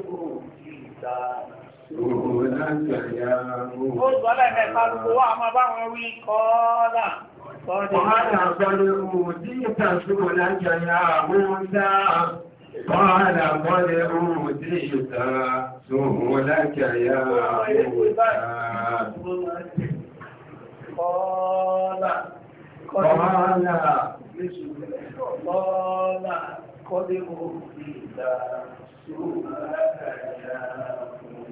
سؤلك يا موسى وهذا قد أوتيت سؤلك يا موسى قال قد أوتيت سؤلك يا موسى قال قال قال قد أوتيت سؤلك يا موسى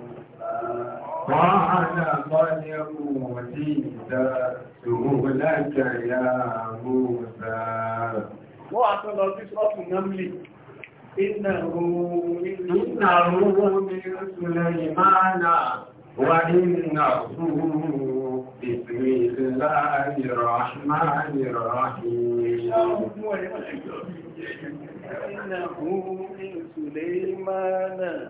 وعلى من يموتيك سهولك يا موسى وعلى الله بسرعة النمل إنه من سليمان وإنه بسم الله الرحمن الرحيم إنه من سليمان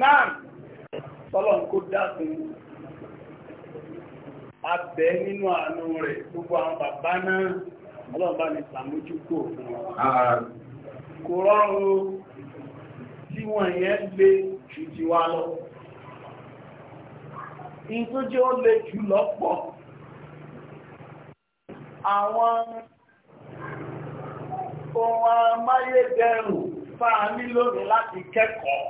náà tọ́lọ̀ kó dákun abẹ́ nínú àánú rẹ̀ gbogbo àwọn bàbá náà ọlọ́ọ̀bá ní sàmójúkò fún wọn kò rọrùn tí wọ́n yẹn lé jù ti wá lọ in ó lè jù lọ́pọ̀ àwọn ohun amáyédẹrùn tá a ní lónìí láti kẹ́kọ̀ọ́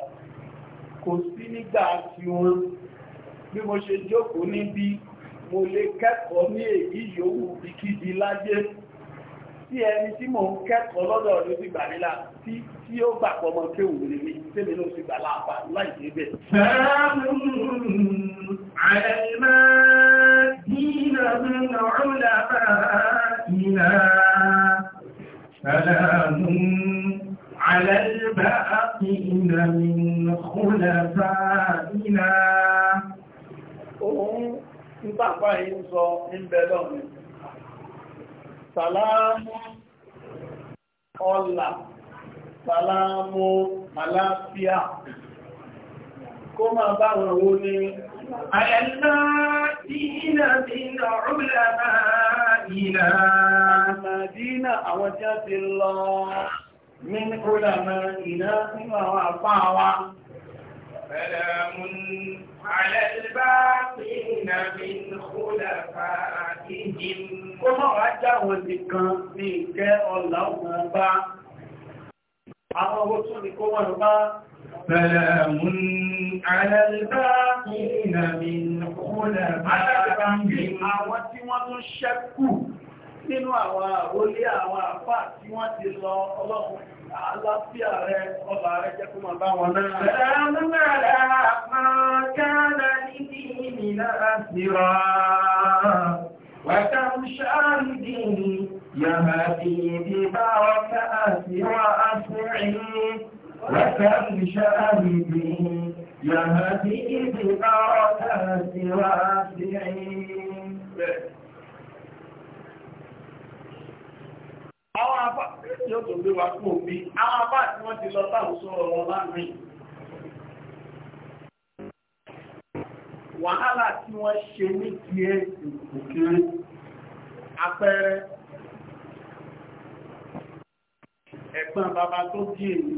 kò sí nígbà tí wọn bí mo ṣe jókòó níbí mo lè kẹ́kọ̀ọ́ ní èyí yòówù ìkídi lájé tí ẹni tí mò ń kẹ́kọ̀ọ́ lọ́dọ̀ ló ti gbà nílà tí ó gbà pọ̀ kéwù lè mi ló ti gbà láàpá láì dé bẹ̀. على الباقين من خلفائنا Òun ń tàpá yìí ń sọ ìbẹ̀lọ́ mi. Sàlámù ọlà, sàlámù àlàáfíà, kó máa bá wọn wó ní àyàlá ìhìnà bí nà ọ̀rùlẹ̀ náà ìlà. Àmàdínà àwọn jẹ́ ti lọ. من علمائنا وطاوى سلام على الباقين من خلفائهم كما وجهوا ذكر منك الله با أما وصلك وربا سلام على الباقين من خلفائهم أوتي وتشكوا nínú àwọn àwọlé àwọn àpá tí wọ́n ti lọ ọlọ́run àlàáfíà rẹ ọba rẹ jẹ́ kó máa bá wọn náà. Ẹ̀rọ máa kánà níbi ìmìnà àṣírà وكم شاهد يهدي ببركات وأسعي وكم شاهد يهدي ببركات وأسعي àwọn apá yóò tó gbé wa kú òbí àwọn apá tí wọ́n ti lọ táwọn sọ̀rọ̀ wọn láàrin wàhálà tí wọ́n ṣe ní kí ẹ òkèrè apẹ́rẹ́ ẹ̀gbọ́n bàbá tó bí èyí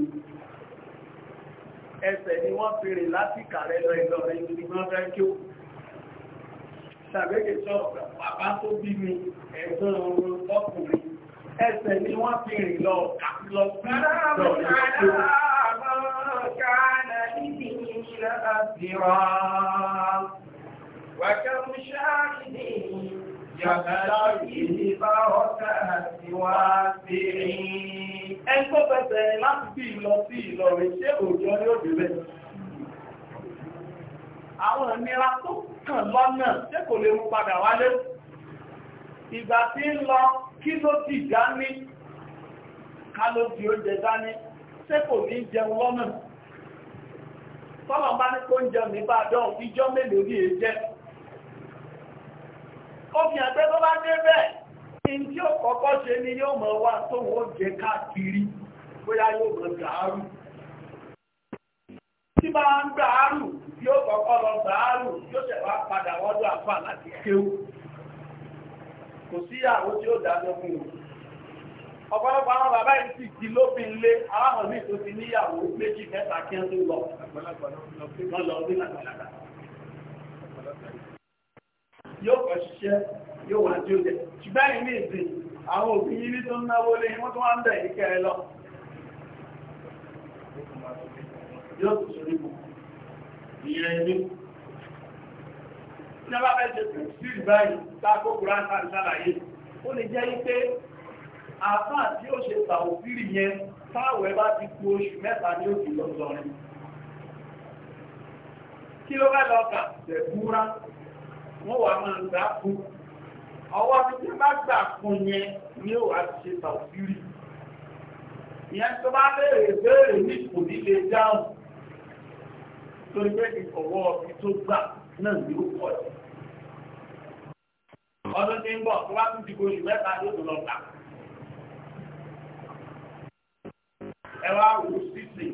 ẹsẹ̀ ni wọ́n fèrè láti kàrẹ lọ ìlọrin ní wọ́n fẹ́ kí ó ṣàgbékè sọ bàbá tó bí mi ẹ̀gbọ́n ọkùnrin ẹsẹ̀ ni wọ́n fi rìn lọ lọ Ẹgbọ́ bẹ̀bẹ̀ ni láti bí ìlọ sí ìlọ rẹ̀ ṣé òjò ní òbílẹ̀. Àwọn ìnira tó kàn lọ́nà ṣé kò lè mú padà wálé. Ìgbà tí ń lọ kí ló ti dání ká ló fi oúnjẹ dání ṣé kò ní jẹun lọ́nà tọ́lọ̀ bá ní kó ń jẹun ní bá dán ní èjẹ́ tó bá dé ní tí ó kọ́kọ́ ṣe ni yóò mọ̀ wá tóun ó jẹ káàkiri bóyá yóò mọ̀ dàárù tí bá ń dàárù yóò kọ́kọ́ lọ kò sí àwọn tí ó dájọ́ fún ọ̀pọ̀lọpọ̀ àwọn bàbá yìí sì ti lópin lé aláwọ̀ ní tó ti níyàwó méjì mẹ́ta kí wọ́n tó lọ lọ sí yóò yóò wà tí ó àwọn òbí tí a bá fẹ́ ṣe tẹ̀síìrì báyìí tako kùránà ṣàlàyé ó lè jẹ́ wípé àfà tí ó ṣe tàòfírì yẹn táwẹ̀ bá ti ku oṣù mẹ́ta ní òkè lọ́sọ̀rin kí ló fẹ́ lọ kà tẹ̀kúrá wọ́n wà máa gbà fún ọwọ́ títí bá gbà fún yẹn ni ó wà ti ṣe tàòfírì ìyẹn tó bá béèrè béèrè ní kò ní dáhùn torí pé ìfọwọ́ ọ̀fi tó gbà náà ni ó pọ̀ jù. ọdún tí ń bọ̀ tó bá tún ti gbòòlù mẹ́ta ló tó lọ gbà. ẹ wá wò ó sísè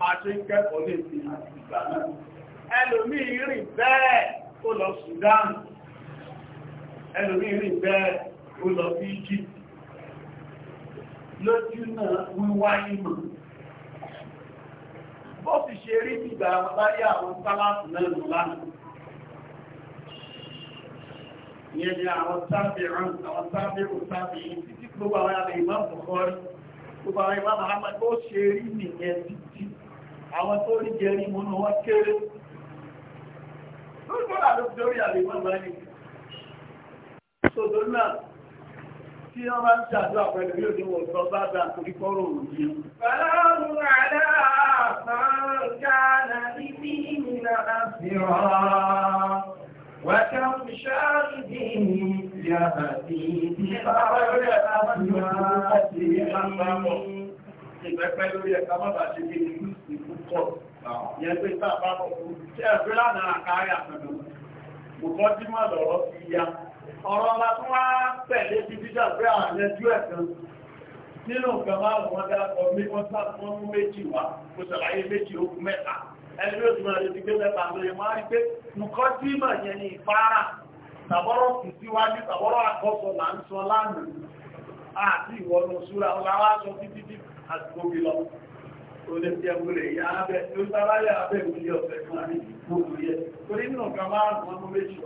máa ṣe ń kẹ́kọ̀ọ́ lè fi àti ìgbà náà. ẹlòmíì rìn bẹ́ẹ̀ ó lọ Sudan ẹlòmíì rìn bẹ́ẹ̀ ó lọ sí Egypt lójú náà wíwá ìmọ̀ bó ti ṣe rí ìgbà láyé àwọn sáláàtù náà nù lánàá ìyẹn ni àwọn sáfì rán àwọn sáfì rán sáfì yìí títí gbogbo àwọn alẹ́ ìmọ̀ bùkọ́rí gbogbo àwọn ìmọ̀ Muhammad bó ṣe rí nìyẹn títí àwọn tó rí jẹ́ rí múnú wọn kéré lórí bọ́lá ló fi lórí àlè ìmọ̀ Malik sọ̀dọ̀ náà tí wọ́n bá ń ṣàdúrà pẹ̀lú yóò ní wọ̀n sọ bá dà torí kọ́rọ̀ òun yìí. Bàbá الكرام وكم شاهد يهدي بغير أسماء Ìgbẹ́pẹ́ lórí ẹ̀ka mọ́ta ṣe kí ní ìlú púpọ̀. Yẹ pé sáàbá ọkùnrin tí ẹ̀fẹ́ lánàá àkárí àpẹẹrẹ. Bùkọ́ tí máa lọ̀rọ̀ fi ya. Ọ̀rọ̀ ọlá tó wá pẹ̀lé ti dídà pé àwọn ẹjú ẹ̀kan nínú nǹkan márùn-ún wọ́n dá ọmọ méjì wá, kò ṣàlàyé méjì ó kú mẹ́ta ẹni ó ti máa lè ti gbé mẹ́ta lóye máa rí pé nǹkan tí mà yẹn ni ìfárá tàbọ́rọ̀ kù síwájú tàbọ́rọ̀ àkọ́sọ là ń sọ lánàá àti ìwọ̀nù súra ọ̀la wá sọ títí tí àsìkò bí lọ olè tí ẹgbẹ́ rẹ̀ yá abẹ́ tó sáráyà abẹ́ ìwúlé ọ̀fẹ́ fún àrí gbogbo yẹ torí nínú nǹkan márùn-ún ọdún méjì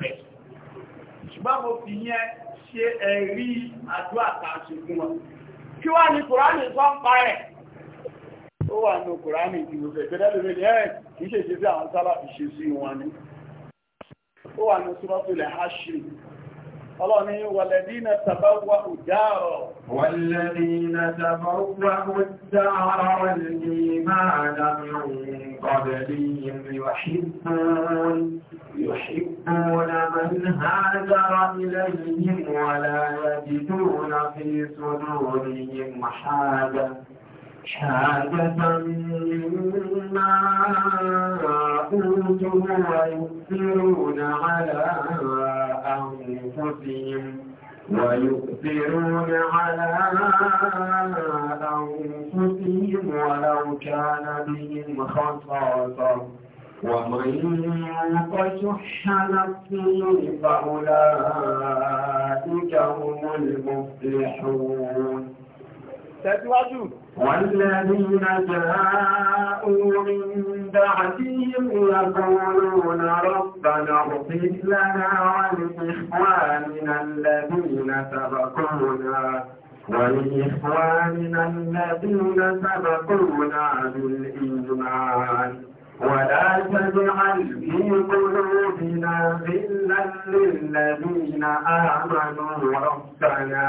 wá ṣùgbọ́n mo fi yẹn ṣe ẹ̀rí àdúrà kan ṣe fún wọn kí wá ní kùránì tó ń pa ẹ̀ ó wà ní kùránì ìdìbò fẹ̀fẹ́ lórí ẹ̀ kì í ṣèṣe sí àwọn sábà fi ṣe ni الله يقول والذين تبوأوا الدار والذين تبوأوا الدار والإيمان من قبلهم يحبون يحبون من هاجر إليهم ولا يجدون في صدورهم حاجة شهادة مما أوتوا ويؤثرون على أنفسهم ويؤثرون على أنفسهم ولو كان بهم خصاصة ومن يوق شح نفسه فأولئك هم المفلحون tẹ̀síwájú. Wọ́n والذين جاءوا من بعدهم يقولون ربنا اغفر لنا ولإخواننا الذين سبقونا ولإخواننا الذين سبقونا بالإيمان ولا تجعل في قلوبنا غلا للذين آمنوا ربنا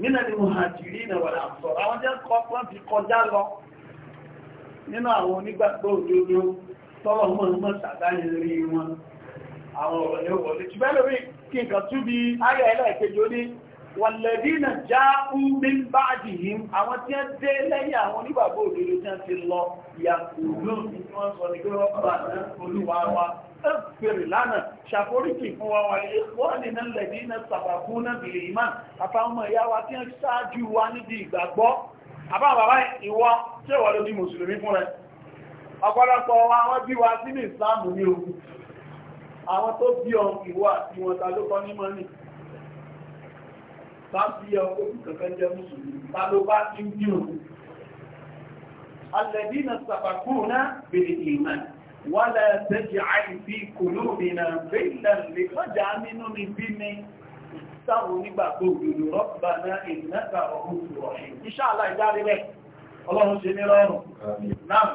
nínú ni muhajiri na wà láàpọ̀ àwọn jẹ́ kọ́kọ́ fi kọjá lọ nínú àwọn onígbàgbọ́ òdodo tọ́lọ̀ mọ́ mọ́ sàdáyìn rí wọn àwọn ọ̀rọ̀ yóò wọlé jù bẹ́ẹ̀ lórí kí nǹkan tún bí ayé ẹlẹ́ẹ̀kejì ó ní wàlẹ̀dí na já umi bá dìhí àwọn tí wọ́n dé lẹ́yìn àwọn onígbàgbọ́ òdodo tí wọ́n ti lọ fèrè lánàá ṣàforíkì fún wa wà ìwọ́nì náà lẹ̀dí iná sàbàkú náà bìlì ìmá àtàwọn ọmọ ìyá wa tí wọ́n ṣáájú wa níbi ìgbàgbọ́ àbá bàbá ìwọ tí ìwọ ló di mùsùlùmí fún rẹ ọ̀pọ̀lọpọ̀ wa wọ́n bí wa sínú ìsìláàmù ní ogun náà bìlì ìmá wala taj'al fi qulubina ghillan lil-mujrimina níbí ni sáwọn onígbàgbọ́ òdòdó rabbana innaka ra'ufur rahim inshallah ìjáde rẹ̀ ọlọ́run ṣe ní rọrùn náà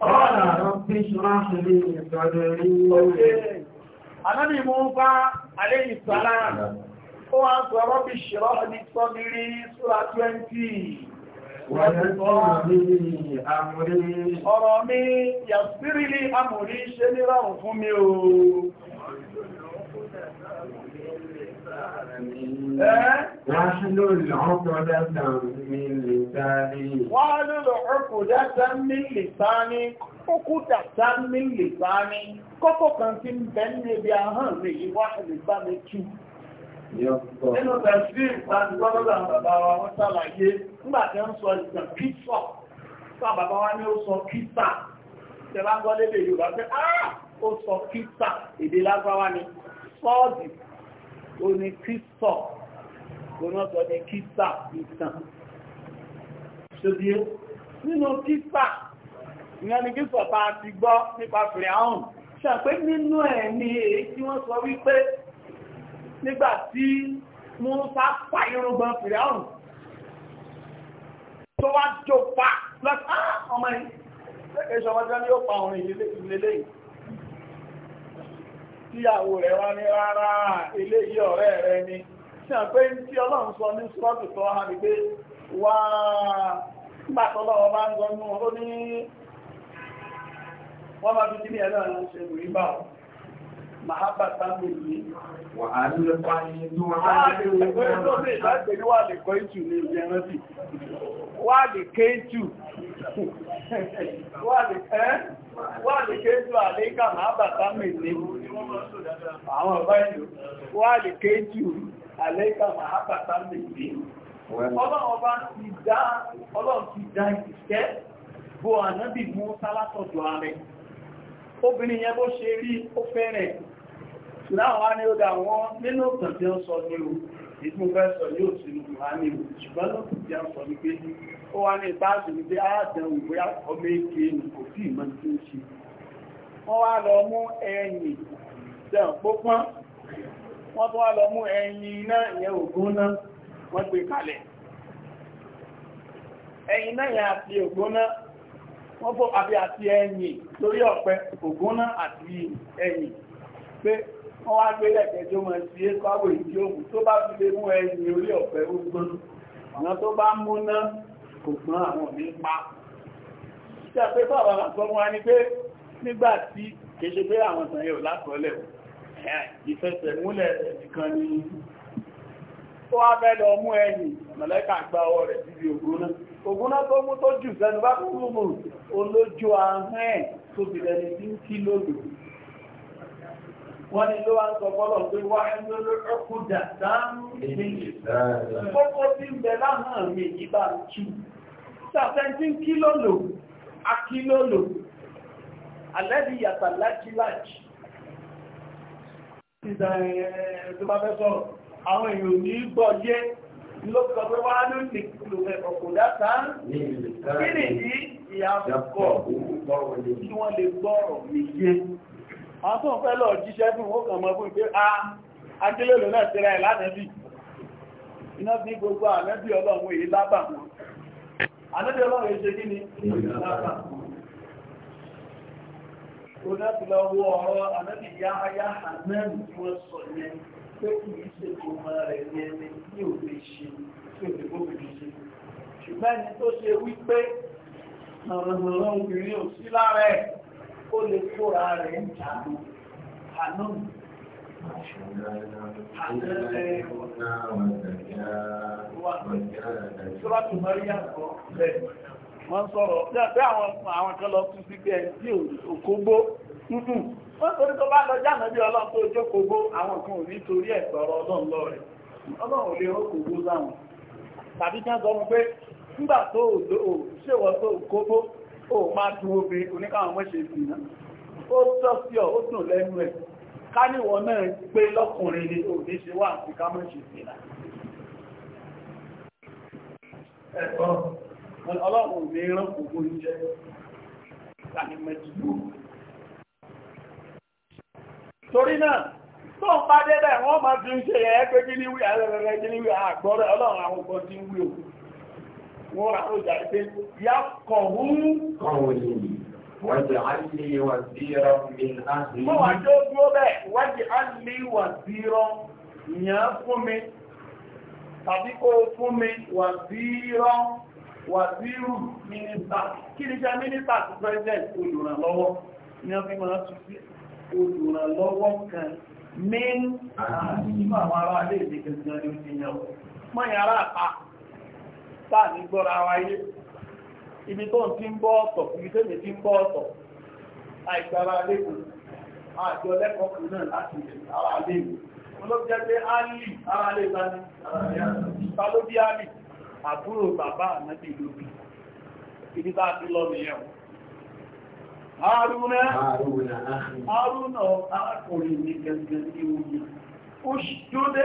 ọ̀rọ̀ rabbi shrah li sadri anábì mú bá alayhi Ọ̀rọ̀ mi yàtírílì amòrí ṣe níràwùn fún mi o. Wọ́n lò lọ́kọ̀ dátà mi lè sáàrí. Wọ́n lò lọ́kọ̀ dátà mi lè sáàrí, kókó dátà mi lè sáàrí, kókó kan tí ń bẹ níbi ahọ́n rẹ̀ yíwá lè mi tú. Nínú tẹ̀sí ìpàdùgbọ́lọ́gbà bàbá wa wọ́n ṣàlàyé nígbàtẹ́ ń sọ ìgbà píṣọ̀. Sọ bàbá wa ní ó sọ píṣà. Tẹ̀lá ń gọ́lé lè Yorùbá pé, "Ah! Ó sọ píṣà, èdè lágbàwá ni, sọ́ọ̀dì, ó ní píṣọ̀, gbọ́nà sọ ní píṣà ìtàn." Ṣébíé, nínú píṣà, ìyẹn ni píṣọ̀ ta ti gbọ́ nípa Fìrìhàn. Ṣàpé nínú ẹ̀ ni èyí tí wọ́n sọ wípé nígbà tí Mùsá pa irùngbọ̀n Fìráùn tó wá jò pa lọ́sí ah, ọmọ yìí lẹ́kẹ̀ẹ́ ṣọmọ tí wọ́n ní ó pa orin ìlélẹ́ yìí tíyàwó rẹ̀ wá ní rárá eléyìí ọ̀rẹ́ rẹ̀ ni tí a pé tí Ọlọ́run sọ ní sọ́ọ̀tù tó wá ní pé wá nígbà lọ́wọ́ bá ń gọ́nú ó ní wọ́n bá fi kí ní ẹ̀lọ́run ṣe rú mahabata mèlì wà á ní ẹ̀kọ́ ayé ah, tó wà á ní ẹ̀kọ́ ayé tó wà á ní ẹ̀kọ́ ìtù ní ìjẹ rántí wà á lè ké ìtù wà á lè ké ìtù àlékà mahabata mèlì àwọn ọ̀bá ìlú wà ti dá ọlọ́run ti dá ìṣẹ́ bo ànábì mú sálátọ̀dọ̀ ààrẹ obìnrin yẹn bó ṣe rí ó fẹ́rẹ̀ láwọn á ní ó dá wọn nínú ọ̀tàn tí ó sọ ní o ìdí mo fẹ́ sọ yóò sí ní buhari o ṣùgbọ́n ló kìí jẹun sọ ní pé ó wá ní ìbáàsì ní pé àádán ìwé ọmọ èké ni kò sí ìmọ̀ tí ó ṣe wọ́n wá lọ mú ẹyìn tẹ̀hùn pópọ́n wọ́n tó wá lọ mú ẹyìn iná ìyẹn ògún náà wọ́n gbé kalẹ̀ ẹyìn náà yẹn àti ògún náà wọ́n fò àbí àti ẹ̀yìn lórí ọ̀pẹ ògúnná àti ẹ̀yìn pé wọ́n wá gbé lẹ́kẹ̀ẹ́ tó mọ̀ sí káwò ìdí òkú tó bá fi lè mú ẹ̀yìn orí ọ̀pẹ ogun ọ̀nà tó bá múná kò gbọ́n àwọn ní pa ṣàpé bàbá àkọ́ wọn ni pé nígbà tí kéṣe pé àwọn ìtàn yóò lákọọ́lẹ̀ ìfẹsẹ̀múlẹ̀ nìkan ni ó wá bẹ́ẹ̀ lọ mú ẹ̀yìn mọ̀lẹ́kà gba ọwọ́ rẹ̀ síbi ògúnná ògúnná tó mú tó jù sẹ́nu bá kú mú olójú ahọ́n ẹ̀ tó fi lẹ́ni tí ń kí lóòlù wọ́n ni ló wá ń sọ bọ́lọ̀ pé wá ẹni olóòkúdà dáánú ìdíjì gbogbo tí ń bẹ láhàn mi ìbá ń tú sàfẹ́ntí ń kí lóòlù akí lóòlù alẹ́bí yàtà lájíláàjì ìdàn ẹ̀ẹ́dọ́gbàfẹ́ sọ̀rọ̀ àwọn èèyàn ní gbọ́ yé ló sọ pé wá ló ní kúlò ẹ̀kọ̀kọ̀ dáta kí ni yí ìyàkọ̀ kí wọ́n lè gbọ́rọ̀ mi yé àwọn tó ń fẹ́ lọ jíṣẹ́ fún ó kàn mọ́ fún pé a ah, agbélélò náà tẹ́ra ẹ̀ lánàbí iná bí gbogbo ànábí ọlọ́run èyí lábà wọn ànábí ọlọ́run èyí ṣe kí ni lábà wọn ó náà ti lọ wọ ọ̀rọ̀ ànábí yáháyá pé kì í ṣe kò mọ rẹ̀ ní ẹni tí ò lè ṣe tí ò lè bóbìnrin ṣe ṣùgbọ́n ẹni tó ṣe wípé ọ̀rọ̀mọ̀rọ̀ obìnrin ò sí lára ẹ̀ ó lè kóra rẹ̀ ń jàdù àná Wọ́n sọ̀rọ̀ bí àwọn kan lọ tún sí bẹ́ẹ̀ tí òkógbó dúdú wọ́n torí tó bá lọ jáàmù bí ọlọ́run tó àwọn kan ò ní torí ẹ̀ sọ̀rọ̀ lọ lọ́rẹ̀ ọlọ́run ò láwọn tàbí pé nígbà tó ṣèwọ́ tó kóbó ó máa tún obi oníkàwọn mọ́ O si ó tọ́ sí ọ ó lẹ́nu ẹ̀ káníwọ̀ náà pé lọ́kùnrin ni ò ní ṣe wà àti ká ẹ̀kọ́ ọlọ́run rán oúnjẹ torí náà tó ń bá débẹ̀ wọ́n máa fi ń ṣe ẹ̀ pé kí ní wí àrẹ̀rẹ̀ kí ní wí àgbọ́rẹ̀ ọlọ́run àwọn kan ti ń wí òkú wọ́n rà ó jà pé yá kọ̀hún kọ̀hún Wàjì alì wà zírọ̀ min áhì. Mọ́ wà tó dúró bẹ́ẹ̀, wàjì alì wà zírọ̀ yàn olùrànlọ́wọ́ kan mẹ́rin àwọn ará alé ìdíkẹ̀ẹ́ ní ìyàn mọ́ yàrá àpá táà ní gbọ́ra wáyé ibi tó ń tí ń bọ́ ọ̀tọ̀ ibi tó ń tí ń bọ́ ọ̀tọ̀ àìgbára lẹ́kùn àjọ lẹ́kọ̀ọ́ kan náà láti ara lẹ́kùn olóbíjẹ́ pé Haruna Haruna arákùnrin ní gẹ́gẹ́ tí ó yẹ. Ó ṣíjódé.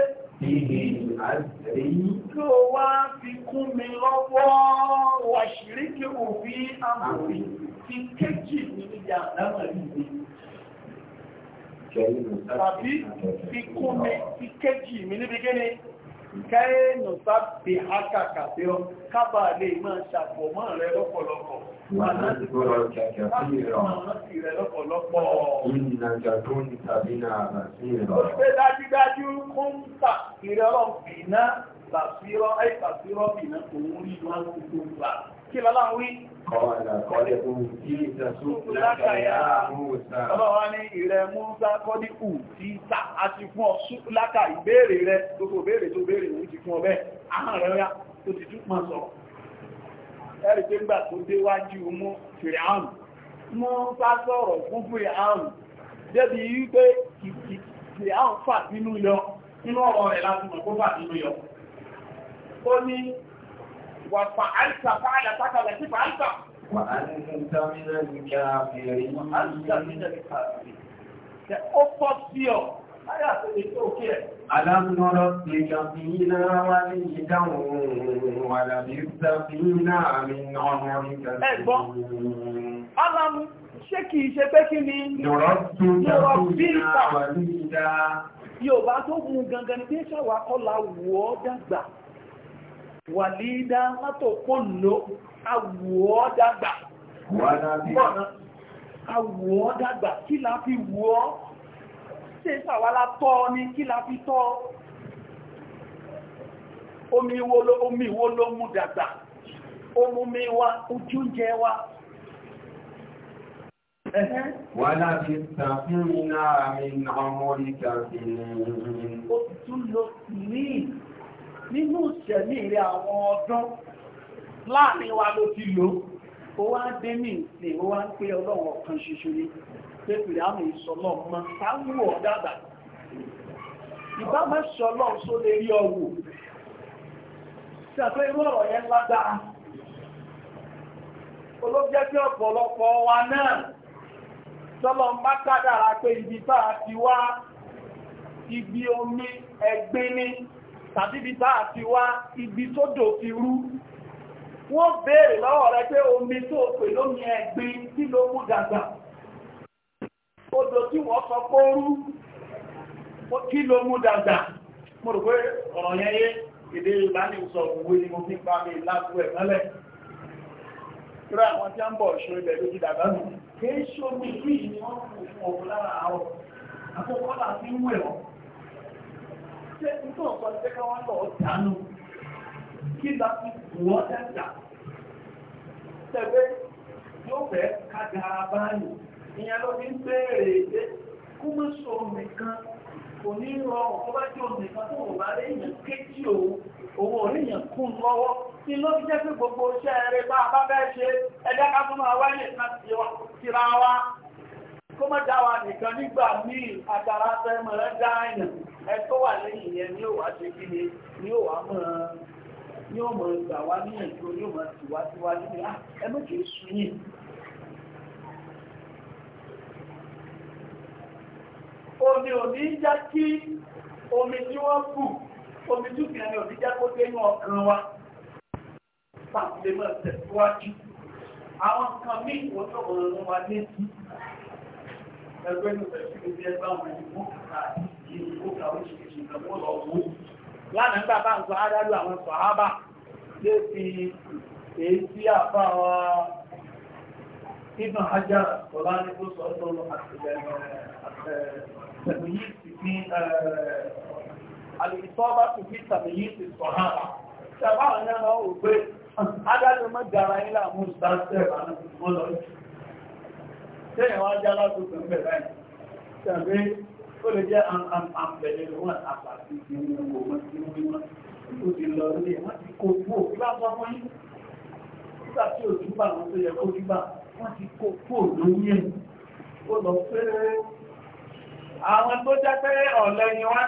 Ló wá fi kún mi lọ́wọ́ wà ṣìrí kí ò fi àmàrí ti kéjì ní ìyà àdámàrí mi. Tàbí fi kún mi ti kéjì mi níbi gẹ́ni kẹ́ẹ̀nù sábẹ̀ àkàkà tí ó kábà lè máa ṣàpọ̀ mọ́ rẹ lọ́pọ̀lọpọ̀ Dájúdájú kún tà ìrẹ́rọ̀ bìná, tàbírọ̀, ẹ́ tàbírọ̀ bìná kò kí lọ́lá ń wí. Kọ̀ọ̀lá kọ́lé kú tí ìtàṣù lákàyà Mùsà. Ọlọ́wà ní ìrẹ̀ Mùsà kọ́ ní kù tí ta a ti fún ọ lákà ìbéèrè rẹ gbogbo béèrè tó béèrè òun ti fún ọ bẹ́ẹ̀. Ahọ́n rẹ̀ ya tó ti túpọ̀ sọ̀rọ̀. Ẹ̀rì pé ńgbà tó déwájú mú fèrè àrùn. Mùsà sọ̀rọ̀ fún fèrè àrùn. Débi wípé fèrè àrùn fà nínú yọ. Nínú ọ̀rọ̀ rẹ̀ láti mọ̀ wà fà áìsà fàálà sákàlà sí fàálà. Wà á ní kí n tàbílẹ̀ ní kí a fèrè. Wà á ní tàbílẹ̀ ní kí a fèrè. Ó pọ̀ sí ọ, láyé àti ètò òkè ẹ̀. wá ní ìdáhùn wà lábí sàfíìnà mi ọ̀rọ̀ ìkàfíìnà. Ẹ̀gbọ́n, Alámú, ṣé kìí ṣe pé kí ni? Yọ̀rọ̀ tó kàfíìnà wà ní ìdá. Yorùbá tó mú gangan ní pé ṣàwákọ́ la wọ́ dàgbà wàlídá mọ́tò kó lò àwọ̀ dàgbà àwọ̀ dàgbà kí la fi wọ́ ṣe sàwálá tọ́ ní kí la fi tọ́ omi wo ló omi wo ló mú dàgbà omumi wa ojú jẹ wa Wàlá ti tàbí náà mi ọmọ ìkàfẹ́. Ó tún lọ ní nínú ìṣẹ̀mí rẹ̀ àwọn ọdún láàrin wa ló ti lò ó wá dé ní ìsìn ó wá ń pé ọlọ́run ọ̀kan ṣoṣo ni pé pèrè àmì ìṣọ̀lọ́ mọ sáwù ọ̀dàgbà ìbámu ṣọlọ́ só lè rí ọwọ́ sọ́lọ́ ń bá kádàrá pé ibi tá ti wá ibi omi ẹ̀gbin ni tàbí ibi tá àti wá ibi tó dò ti rú wọ́n béèrè lọ́wọ́ rẹ pé omi tó pè lómi ẹ̀gbin tí ló mú dàgbà odò tí wọ́n sọ pé ó rú kí ló mú dàgbà mo rò pé ọ̀rọ̀ yẹn yé èdè Yorùbá ní sọ òwe ni mo fi pa mi lábú ẹ̀ mọ́lẹ̀ rẹ àwọn tí a ń bọ̀ ṣe ibẹ̀ lójú dàgbà nù kí ṣomi rí ni wọ́n fún òun lára àárọ̀ àkókò ṣe nǹkan ọ̀pọ̀ ṣe ká wá lọ dànù kí la fi wọ́ dàgbà tẹ̀wé yóò fẹ́ kága báyìí ìyẹn ló fi ń béèrè èdè kó má sọ nìkan kò ní rọrùn tó bá jẹ́ nìkan tó wò bá lé èèyàn kéjì òun òun ò léèyàn kún lọ́wọ́ tí ló fi jẹ́ pé gbogbo iṣẹ́ rẹ̀ bá a bá fẹ́ ṣe ẹjẹ́ ká tún máa wáyé láti ṣe wa kó mọ́ dá wa nìkan nígbà míì àtàrà fẹ́ mọ́ dá àyàn ẹ tó wà lẹ́yìn yẹn ní òwà ṣe kí ni ní òwà mọ́ ní òmò ìgbà wá níyànjú ní òmò tìwá tìwá nínú ẹ mọ́ kìí sùn yìí. omi ò ní já kí omi tí wọ́n kù omi dúkìá ni ò ní já kó dé inú ọkàn wa pàtó lè tẹ̀síwájú àwọn kan míì wọ́n tó mọ̀ ọ́n wa létí ẹgbẹ́ ìpẹ̀sí ìgbẹ́ ẹgbẹ́ àwọn ìgbó kàkà yìí ìgbó kà oríṣiríṣi ìgbàgbọ́ lọ wó. lánàá nígbà bá ń sọ ádájú àwọn sọ̀hábà lé fi èyí tí àfa wa ibn hajar ọ̀la ní kó sọ ọ́ lọ́wọ́ àtẹ̀yìn sí ní àlùfọ́bá tó fi tàbíyí sí sọ̀hábà. ṣàbáwọn náà wọ́n wò pé ádájú tẹ́yìn wá jẹ́ alákòóso ń bẹ̀rẹ̀ tàbí ó lè jẹ́ àpẹẹrẹ wọn àpàtì ti ń wo wọn ti ń wíwọ́n tó ti lọ ilé wọ́n ti kó kó bá bá wọ́n yí nígbà tí òjú bá wọn tó yẹ kó jú bá wọ́n ti kó kó lóyún ẹ̀ ó lọ fẹ́rẹ́ àwọn tó jẹ́ pé ọ̀lẹ ni wọ́n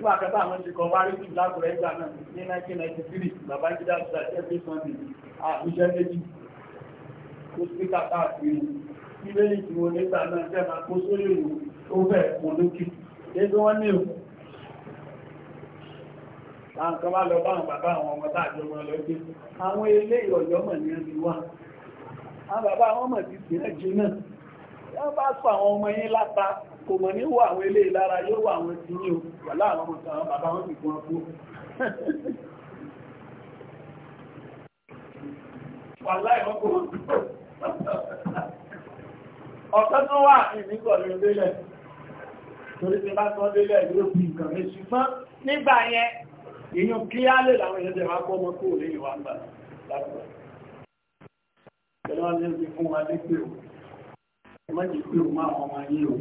nígbà kẹta àwọn ti kọ wárí sí lákùrẹ́ ìgbà náà ní 1993 bàbá jídá ṣíṣà every sunday àmúṣẹ́ méjì kó spíkà káàkiri ilé ìtìwò nígbà náà jẹ́mà kó sórí ìwò tó fẹ́ mọ̀ lókè dédé wọ́n ní òkú àwọn kan bá lọ bá àwọn bàbá àwọn ọmọ tààjọ wọn lọ dé àwọn ilé ìrọ̀jọ́ mọ̀ ní ẹni wà àwọn bàbá àwọn ọmọ ti sì náà jẹ náà wọ́n bá sọ àwọn ọmọ yín láta kò mọ̀ ní wà àwọn ilé ìlara yóò wà àwọn ti ní o wà láàrín ọmọ tàwọn bàbá wọn sì gbọ́n fún wà láì wọ́n kò ọ̀tọ́ tó wà ìníkọ̀ ló délẹ̀ torí ti bá tọ́ délẹ̀ yóò fi nǹkan rẹ̀ ṣùgbọ́n nígbà yẹn èèyàn kí á lè làwọn èèyàn tẹ̀wá kọ́ ọmọ kó lè wà ń bà lágbà Ìjọba ní ó ti fún wa ní pé o, ọmọ jù pé o máa ọmọ yìí o.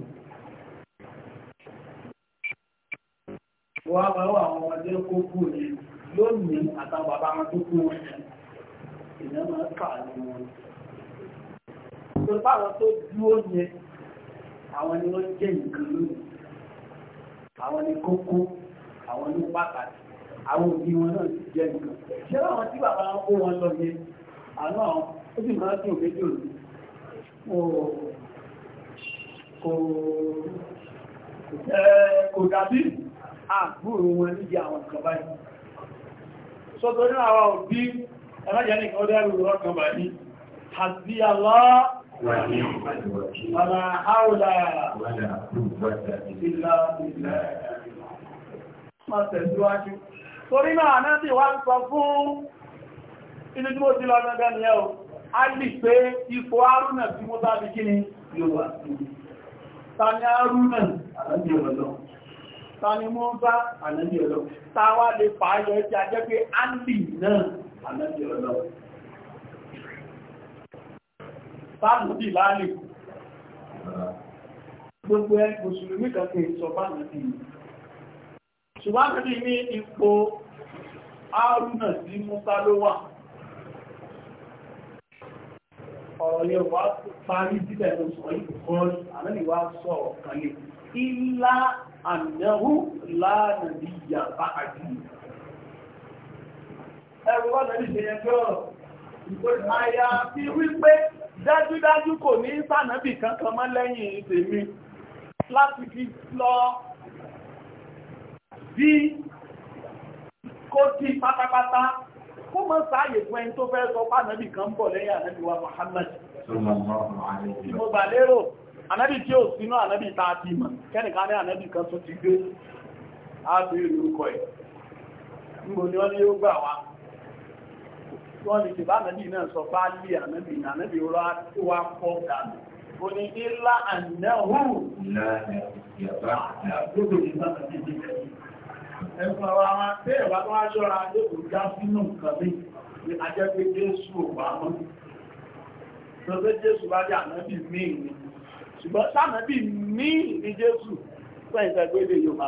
wọ́n á máa wà àwọn ọmọdé kó kú ní lónìí àtàwọn bàbá wọn tó kú wọn yẹn ìyẹn máa kà ní wọn. tó báwọn tó dúró yẹn àwọn ni wọ́n jẹ́ nǹkan lónìí àwọn ni kókó àwọn ni pàtàkì àwọn òbí wọn náà ti jẹ́ nǹkan. ṣé láwọn tí bàbá wọn kó wọn lọ yẹn àná àwọn ó sì máa ń dùn méjì òní kò dàbí àgbúrò wọn níbi àwọn nǹkan báyìí sọ́tọ̀ nínú àwọn òbí ẹ̀lájẹ́ nìkan ọdẹ́ àrùn ọkàn báyìí àti àlọ́ wàlá àwòlà ìlà ìlà máa tẹ̀síwájú torí náà náà sì wá ń sọ fún inú tí mo ti lọ gangan ni ẹ o a lè pé ipò arúnà tí mo sáà kí ni yóò wà sí ta ni arúnà àti ọ̀dọ́ ta ni wọ́n bá ànábì ọlọ́ ta wá lè fàáyọ tí a jẹ́ pé áńlì náà ànábì ọlọ́ fáàlù bí láàlì gbogbo ẹ mùsùlùmí kankan sọ fáàlù bí ṣùgbọ́n bí ní ipò àrùnà sí múta ló wà ọ̀rọ̀ yẹn wá parí ànẹ́hù láàrín ìyàbá àjí ẹgbọ́n náà ṣe ẹjọ́ àyàfi wípé dájúdájú kò ní sànábì kankan mọ́ lẹ́yìn tèmi láti fi lọ bí kó tí pátápátá kó mọ́ sáàyè fún ẹni tó fẹ́ sọ pánàbì kan bọ̀ lẹ́yìn ànábì wa Muhammad mo bà ànábì tí ó sínú ànábì tá a ti mọ̀ kẹ́nìkan ní ànábì kan tó ti gbé á bèèrè orúkọ ẹ̀ níbo ni wọ́n ní ó gbà wá wọ́n ní tìbá ànábì náà sọ bá lé ànábì ní ànábì wá kọ́ dànù ó ní ilá ànáhù ẹ̀fún àwọn àwọn àti ẹ̀wà tó wá ṣọ́ra yóò já sínú nǹkan mi Jésù bá jẹ́ ànábì míì ni ṣùgbọ́n sànàbí ní ní jésù fún ìtẹ̀gbélé yorùbá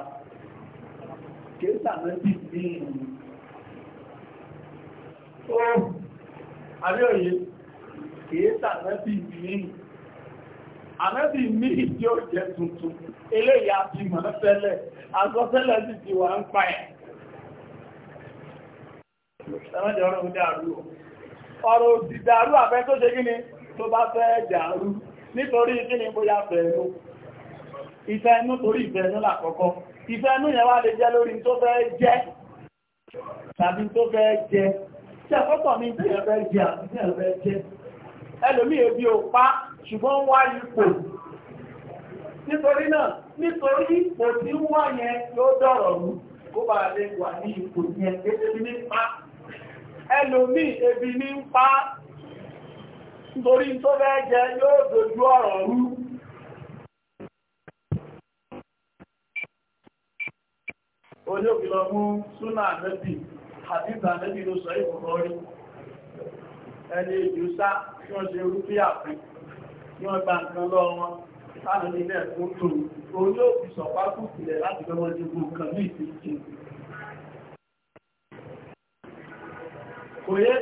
kìí sànàbí ní ó àríòyè kìí sànàbí ní ànábì ní ìdí ó jẹ́ tuntun eléyà ti mọ̀ tẹ́lẹ̀ àsọtẹ́lẹ̀ sì ti wà ń pa ẹ̀ ọ̀rọ̀ òdìdàrú àfẹ́ tó ṣe gíní tó bá fẹ́ dàrú nítorí kí ni bóyá fẹ̀ẹ̀lú ìfẹ́ inú torí ìfẹ́ inú làkọ́kọ́ ìfẹ́ inú yẹn wá lè jẹ́ lórí tó fẹ́ jẹ́ tàbí tó fẹ́ jẹ tí ẹ̀fọ́tọ̀ mi tí ẹ̀fẹ́ jẹ àti tí ẹ̀fẹ́ jẹ ẹlòmí ebi ò pa ṣùgbọ́n wá ipò nítorí náà nítorí ipò tí ń wá yẹn ló dọ̀rọ̀ mú kó bá lè wà ní ipò yẹn ebi ní pa ẹlòmí ebi ní pa nítorí tó fẹ́ jẹ yóò dojú ọ̀rọ̀ rú olóògbìlọ mú súnà ànẹ́bì àdíta ànẹ́bì ló sọ ìwọ̀n rí ẹni ìjúsá tí wọ́n ṣe rú bí àfin tí wọ́n gba nǹkan lọ wọn láàrín ní ilẹ̀ tó tó orí òfin sọ̀pá kù sílẹ̀ láti lọ́wọ́ ju nǹkan ní ìsìnkú kò yé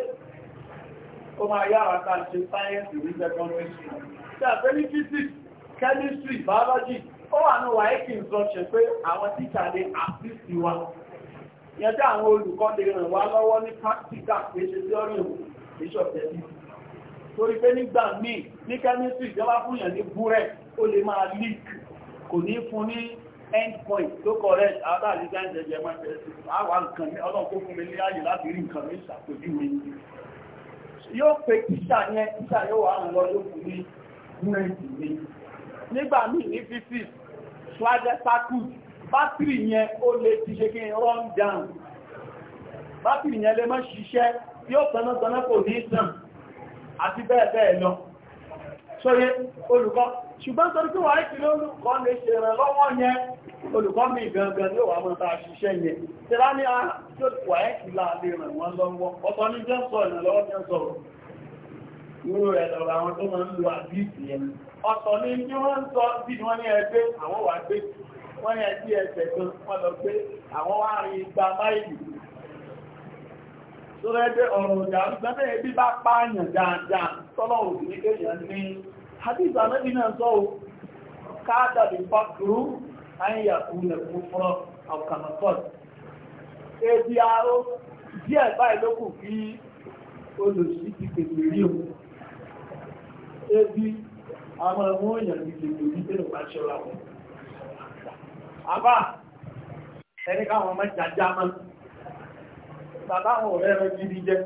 ó máa yára ta ṣe sáyẹ́ǹsì ní secondary school tí a fẹ́ ní physics chemistry biology ó wà ní wáyékì instruction pé àwọn tíṣà lè assist wa yẹn tí àwọn olùkọ́ lè ràn wá lọ́wọ́ ní practical kì í ṣe theory o kì í ṣọ̀tẹ̀ sí torí pé nígbà míì ní chemistry ìjọba fún yàn ní búrẹ́ ó lè máa leak kò ní fún ní end point tó correct àbáàlì gáńjẹjẹ máa ń bẹ̀rẹ̀ sí àwọn nǹkan ní ọlọ́pọ̀ fún mi ní ààyè láti rí nǹkan ní ìṣàpèjúwe yóò pe tíṣà yẹn tíṣà yóò wà lọ yóò fún ní nàìjíríà nígbà míì ní fífì swagger circle bátìrì yẹn ó lè ti ṣe kí n run down bátìrì yẹn lè má ṣiṣẹ́ yóò tanátaná kò ní ìtàn àti bẹ́ẹ̀ bẹ́ẹ̀ lọ sóyé olùkọ́ ṣùgbọ́n torí kí wà ní ìlú olùkọ́ lè ṣe ìrànlọ́wọ́ yẹn olùkọ́ mi gangan ní wà mọ́ta ṣiṣẹ́ yẹn tí lá ní àjọ́wà ẹ́kìlá lè ràn wọ́n lọ́wọ́ ọ̀tọ̀ ní jẹ́ sọ ìrànlọ́wọ́ jẹ́ sọ irú rẹ̀ lọ́rọ̀ àwọn tó máa ń lo àbíìsì yẹn ọ̀tọ̀ ní tí wọ́n ń sọ bí wọ́n ní ẹgbẹ́ ọ̀rọ̀ ìjà gbẹ́bẹ́ ẹbí bá pààyàn dáadáa tọ́lọ́ òbí ní hadith anábì náà sọ o káàdà bí fákúrú àyíyà kúlẹ̀ fún fúnra àkànàkọ́t ebi aró díẹ̀ báyìí ló kù kí olùsí ti pèsè rí o ebi àwọn ọmọ èèyàn ti pèsè rí pé nípa ṣọ́ra wọn àbá ẹni káwọn ọmọ jàjá mọ́ bàbá àwọn ọ̀rẹ́ rẹ̀ gidi jẹ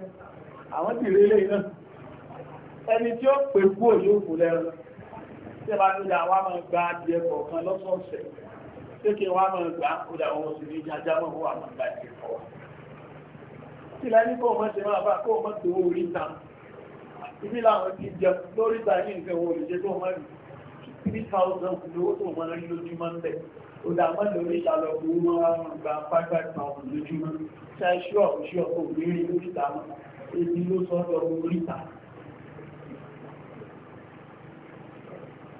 àwọn ti rí eléyìí náà ẹni tí ó pè kú òye òkú lẹ́rù tí ẹ bá tó dá wá máa gba adìẹ kọ̀ọ̀kan lọ́sọ̀ọ̀sẹ̀ tí kí wá máa gbà ó dá wọn sì ní jájá mọ́ wà máa gba adìẹ kọ̀ wá. tí lẹ́ni kó mọ́ ṣe máa bá kó mọ́ tó owó orí ta ibi làwọn ti jẹ lórí ta ní nǹkan owó orí jẹ tó mọ́ rí three thousand lówó tó mọ́ rí lójúmọ́ ń bẹ̀ ó dá mọ́ lórí ìṣàlọ̀ owó mọ́ wá máa gba five five thousand lójúmọ́ ṣáà ṣúọ̀ ṣúọ̀ kò ní rí lórí ta mọ́ èdè ló sọ́dọ̀ orí ta.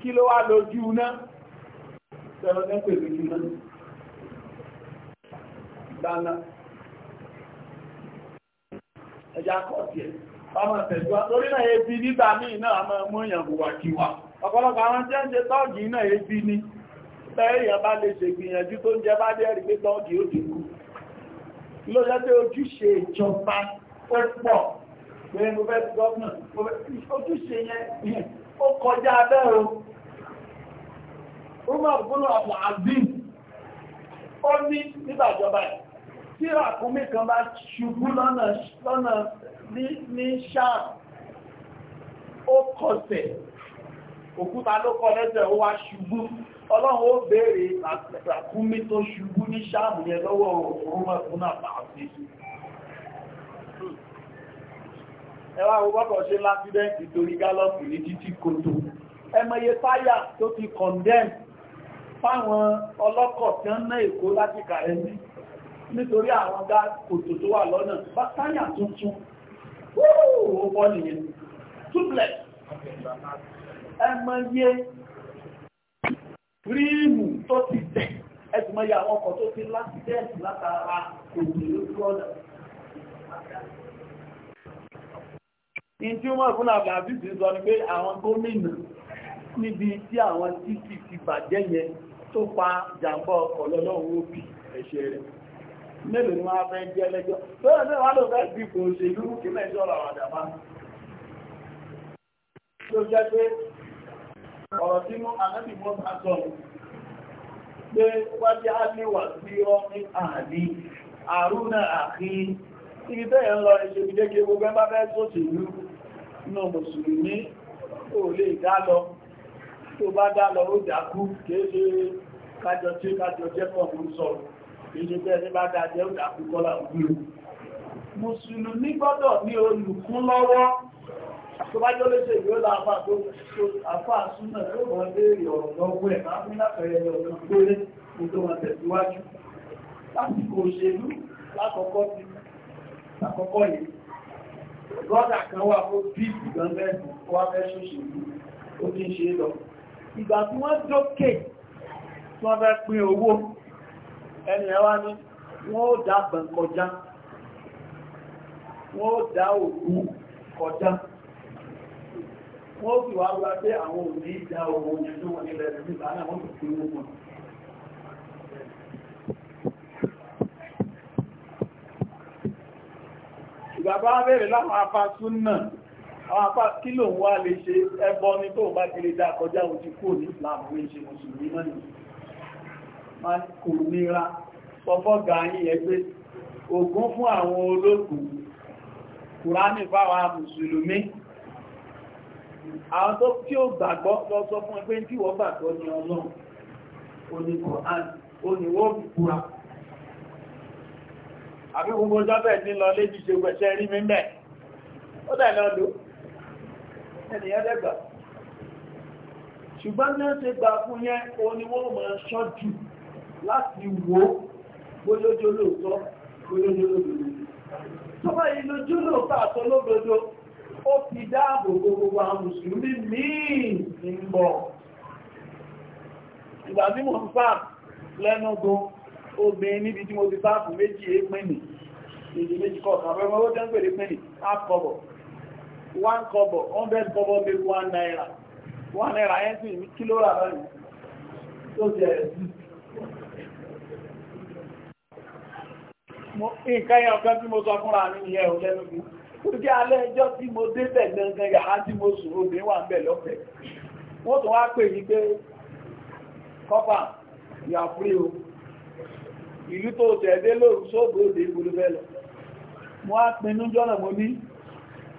kí ló wá lójú náà tẹ́lọ tẹ́pẹ̀ lójú náà dáná ẹja kọ́ọ̀tì ẹ̀ ọmọ tẹ̀jọ́ torí náà ebi nígbà míì náà mọ́ mú èèyàn wùwàkiwà ọ̀pọ̀lọpọ̀ àwọn jẹ́ ń ṣe tọ́ọ̀gì náà ebi ni tẹ́ẹ̀yàn bá lè ṣègbìyànjú tó ń jẹ bá dẹ́rì pé tọ́ọ̀gì ó dínkù ló jẹ́ pé ojúṣe ìjọba ó pọ̀ pé mo Umar bin Abdul Aziz ó ní nígbàjọba tí àkúmí kan bá ṣubú lọ́nà ní ṣáà ó kọsẹ̀ òkúta ló kọ lẹ́sẹ̀ ó wá ṣubú ọlọ́run ó béèrè àkúmí tó ṣubú ní ṣáàmù yẹn lọ́wọ́ Umar bin Abdul Aziz ẹwà ọgbọ́kọ̀ ṣe láti dẹ́ǹtì torí gálọ́pù ní títí kòtò ẹmọye táyà tó ti condemn fáwọn ọlọ́kọ̀ tí ó ń ná èkó láti kàrẹ ní nítorí àwọn dá kòtò tó wà lọ́nà bá táyà tuntun ó bọ́ nìyẹn túblẹ̀ ẹmọ yé ríìmù tó ti tẹ̀ ẹ̀sùnmọ́ yà àwọn ọkọ̀ tó ti láti tẹ́ẹ̀sì látara òjò lójú ọ̀nà ìtí ó mọ̀ fún àbàbí sí sọ ni pé àwọn gómìnà níbi tí àwọn títì ti bàjẹ́ yẹn tó pa jàǹbá ọkọ̀ lọ́lọ́wọ́ òbí ẹ̀ṣẹ̀ rẹ̀ mélòó ni wọ́n fẹ́ jẹ́ lẹ́jọ́ lọ́rọ̀ náà wọ́n lọ fẹ́ bí kò ṣe ìlú kí mẹ́jọ́ ọ̀rọ̀ àdàbà tó jẹ́ pé ọ̀rọ̀ tí mú anábì mọ́ bá sọ pé wájú á ní wà sí ọ́ ní àdí àrùnà àkí ibi tẹ́yẹ̀ ń lọ ìṣèlú kékeré gbogbo ẹ bá fẹ́ sọ́ọ̀tì náà mùsùlùmí kò lè dá lọ tó bá dá lọ ó dákú kéèṣe kájọ tí kájọ jẹ́ pọ̀ mú sọ̀rọ̀ kéèṣe bẹ́ẹ̀ bá dá jẹ́ ó dákú kọ́lá ògbúrú mùsùlùmí gbọ́dọ̀ ní olùkún lọ́wọ́ tó bá jọ léṣe ìwé láàfà gọ́dà kan wà fún bíìpù gan mẹ́rin wá fẹ́ ó ti ń ṣe lọ ìgbà tí wọ́n dókè tí wọ́n fẹ́ pín owó ẹni ẹwà ní wọ́n ó dá bẹ̀ kọjá wọ́n ó dá òkú kọjá wọ́n sì wá wá pé àwọn òní ìdá owó yẹn tó wọ́n nílẹ̀ nígbà náà wọ́n sì pín owó wọn ìgbàgbọ́ láwọn afásún náà àwọn apá kí ló ń wá lè ṣe ẹbọ ní tó bá ti lè dá kọjá ojú kò ní Islam lè ṣe mùsùlùmí mọ́ ní kò nira sọfọ́gà yìí ẹgbẹ́ ògùn fún àwọn ológun kùránì fáwọn mùsùlùmí àwọn tó tí ó gbàgbọ́ lọ sọ fún ẹgbẹ́ tí wọ́n gbàgbọ́ ní ọlọ́run oní kùránì oníwó ní lọ lé jíṣe gbẹ̀ṣẹ́ rí mímẹ́ ó dẹ̀ lọ́dún ẹnìyàn lẹ́gbà ṣùgbọ́n náà ṣe gbà fún yẹn oníwọ́ mọ̀ ṣọ́jú láti wo bójójó lóòótọ́ bójójó lóòótọ́ tó bá yìí lójú lóòótọ́ àtọ́ lóòótọ́ ó fi dáàbò gbogbo àwọn mùsùlùmí míì ní bọ̀ ìgbà tí mo fà lẹ́nu gan obìnrin níbi tí mo ti fà fún one kọ́bọ̀ hundred kọ́bọ̀ make one naira one naira yẹn sì ní kí ló rà báyìí tó jẹ nǹkan yẹn ọ̀kan tí mo sọ fúnra mi nìyẹn ò lẹ́nu mi kúrúkí alẹ́ ẹjọ́ tí mo débẹ̀ gangan yàrá tí mo sùn obìnrin wà ń bẹ̀ lọ́fẹ̀ẹ́ wọ́n tún wá pè yí pé kọ́pà ìyàfúrí o ìlú tó tẹ̀dé lóru sóògbé òde ìgbòlúbẹ̀ lọ mo á pinnu jọ́nà mo ní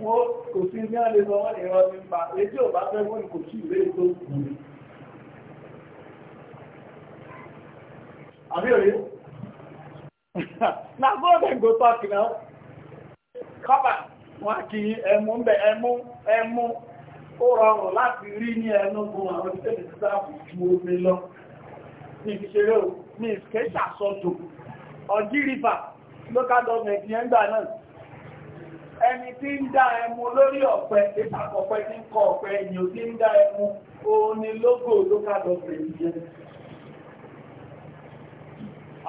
wọ́n kò sí ní àlè sọ wọ́n ìrọ̀ nípa èdè ò bá fẹ́ wọ́n kò sí ìwé ètò ìwé àbí òye na go then go talk now kọ́bà wọ́n kì í ẹmú ń bẹ ẹmú ẹmú ó rọrùn láti rí ní ẹnu gun àwọn tẹ́lẹ̀ tí sáàbù ju omi lọ ní ìṣeré ní ìṣẹ́ ìṣàsọ́dọ̀ ọ̀gírífà local government yẹn gbà ẹni tí ń dá ẹmu lórí ọ̀pẹ ìpàkọ̀pẹ tí ń kọ ọ̀pẹ ènìyàn tí ń dá ẹmu òun ni lógò local government yẹn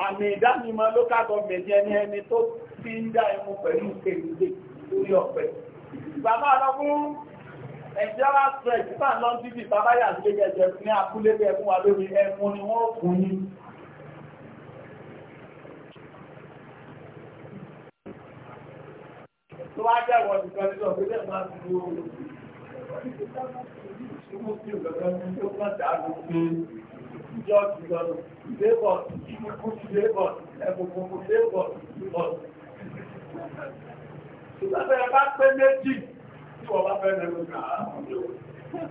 àmì ìdánimọ̀ local government yẹn ni ẹni tó ti ń dá ẹmu pẹ̀lú kèrèdè lórí ọ̀pẹ bàbá lọ fún ẹ̀jẹ̀rà stress bá ń lọ sí ibi bàbá yà ń gbé ní abúlé bẹ́ẹ̀ fún wa lórí ẹmu ni wọ́n fún yín ló ti wo ìṣúmú sí ìgbàgbọ́ ní tó máa dà ló pé ìjọ ìjọ lébọ̀ ìkúkú lébọ̀ bá pé méjì tí wọ́n bá fẹ́ lẹ́nu kà á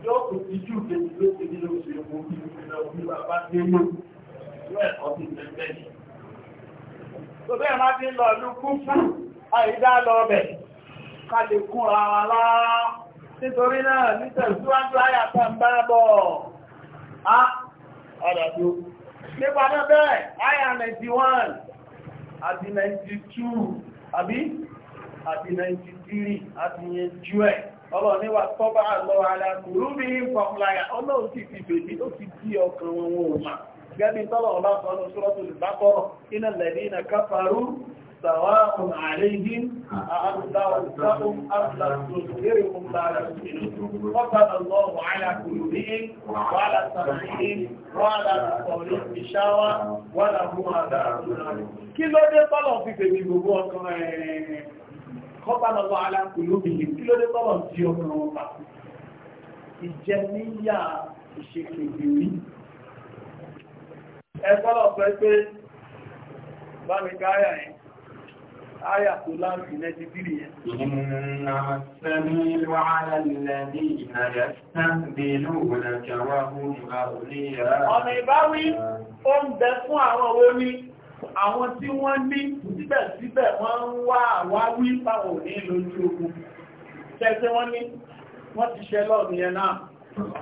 yóò kò sí jù kejì ti ní oṣù èkó ká lè kún ara lá nítorí náà nítẹ̀síwájú àyàtà ń bá bọ̀ á ọ̀dàdó nípa náà bẹ́ẹ̀ àyà 91 àti 92 àbí àti 93 àti yẹn jú ẹ̀ ọlọ́ níwà tọ́bà lọ alákùrú bí i pọ̀pùláyà ọlọ́run sì fi bèbí ó ti dí ọkàn wọn wọn mà gẹ́bí tọ́lọ̀ ọlá sọ́nà sọ́rọ́tò lè bá kọ́rọ̀ iná lẹ̀dí ìnà káfàrú سواء عليهم أأنذرتهم أم لم تنذرهم لا يؤمنون الله على قلوبهم وعلى سمعهم وعلى بصرهم غشاوة ولهم عذاب kí ló dé tọ́lọ̀ fi fèmí gbogbo ọkàn ẹ̀rẹ̀ kọ́pàá lọ́wọ́ alákùnlóbìnrin kí ló dé tọ́lọ̀ tí ọkàn wọn ẹ tọ́lọ̀ fẹ́ pé bá mi káyà yìí áyà tó láti nẹ́jì bírí yẹn. Ìnà sẹ́mi wà lẹ́lẹ́dí ìnàyẹ̀ sáàbí lóòrùn àjọwà fún ìbáwí. Ọ̀nà ìbáwí ó ń bẹ fún àwọn orí àwọn tí wọ́n ní síbẹ̀síbẹ̀ wọ́n ń wá àwáwí báwọn ní lójú ogun. Tẹ́sẹ́ wọ́n ní wọ́n ti ṣẹlọ́ nìyẹn náà. Wọ́n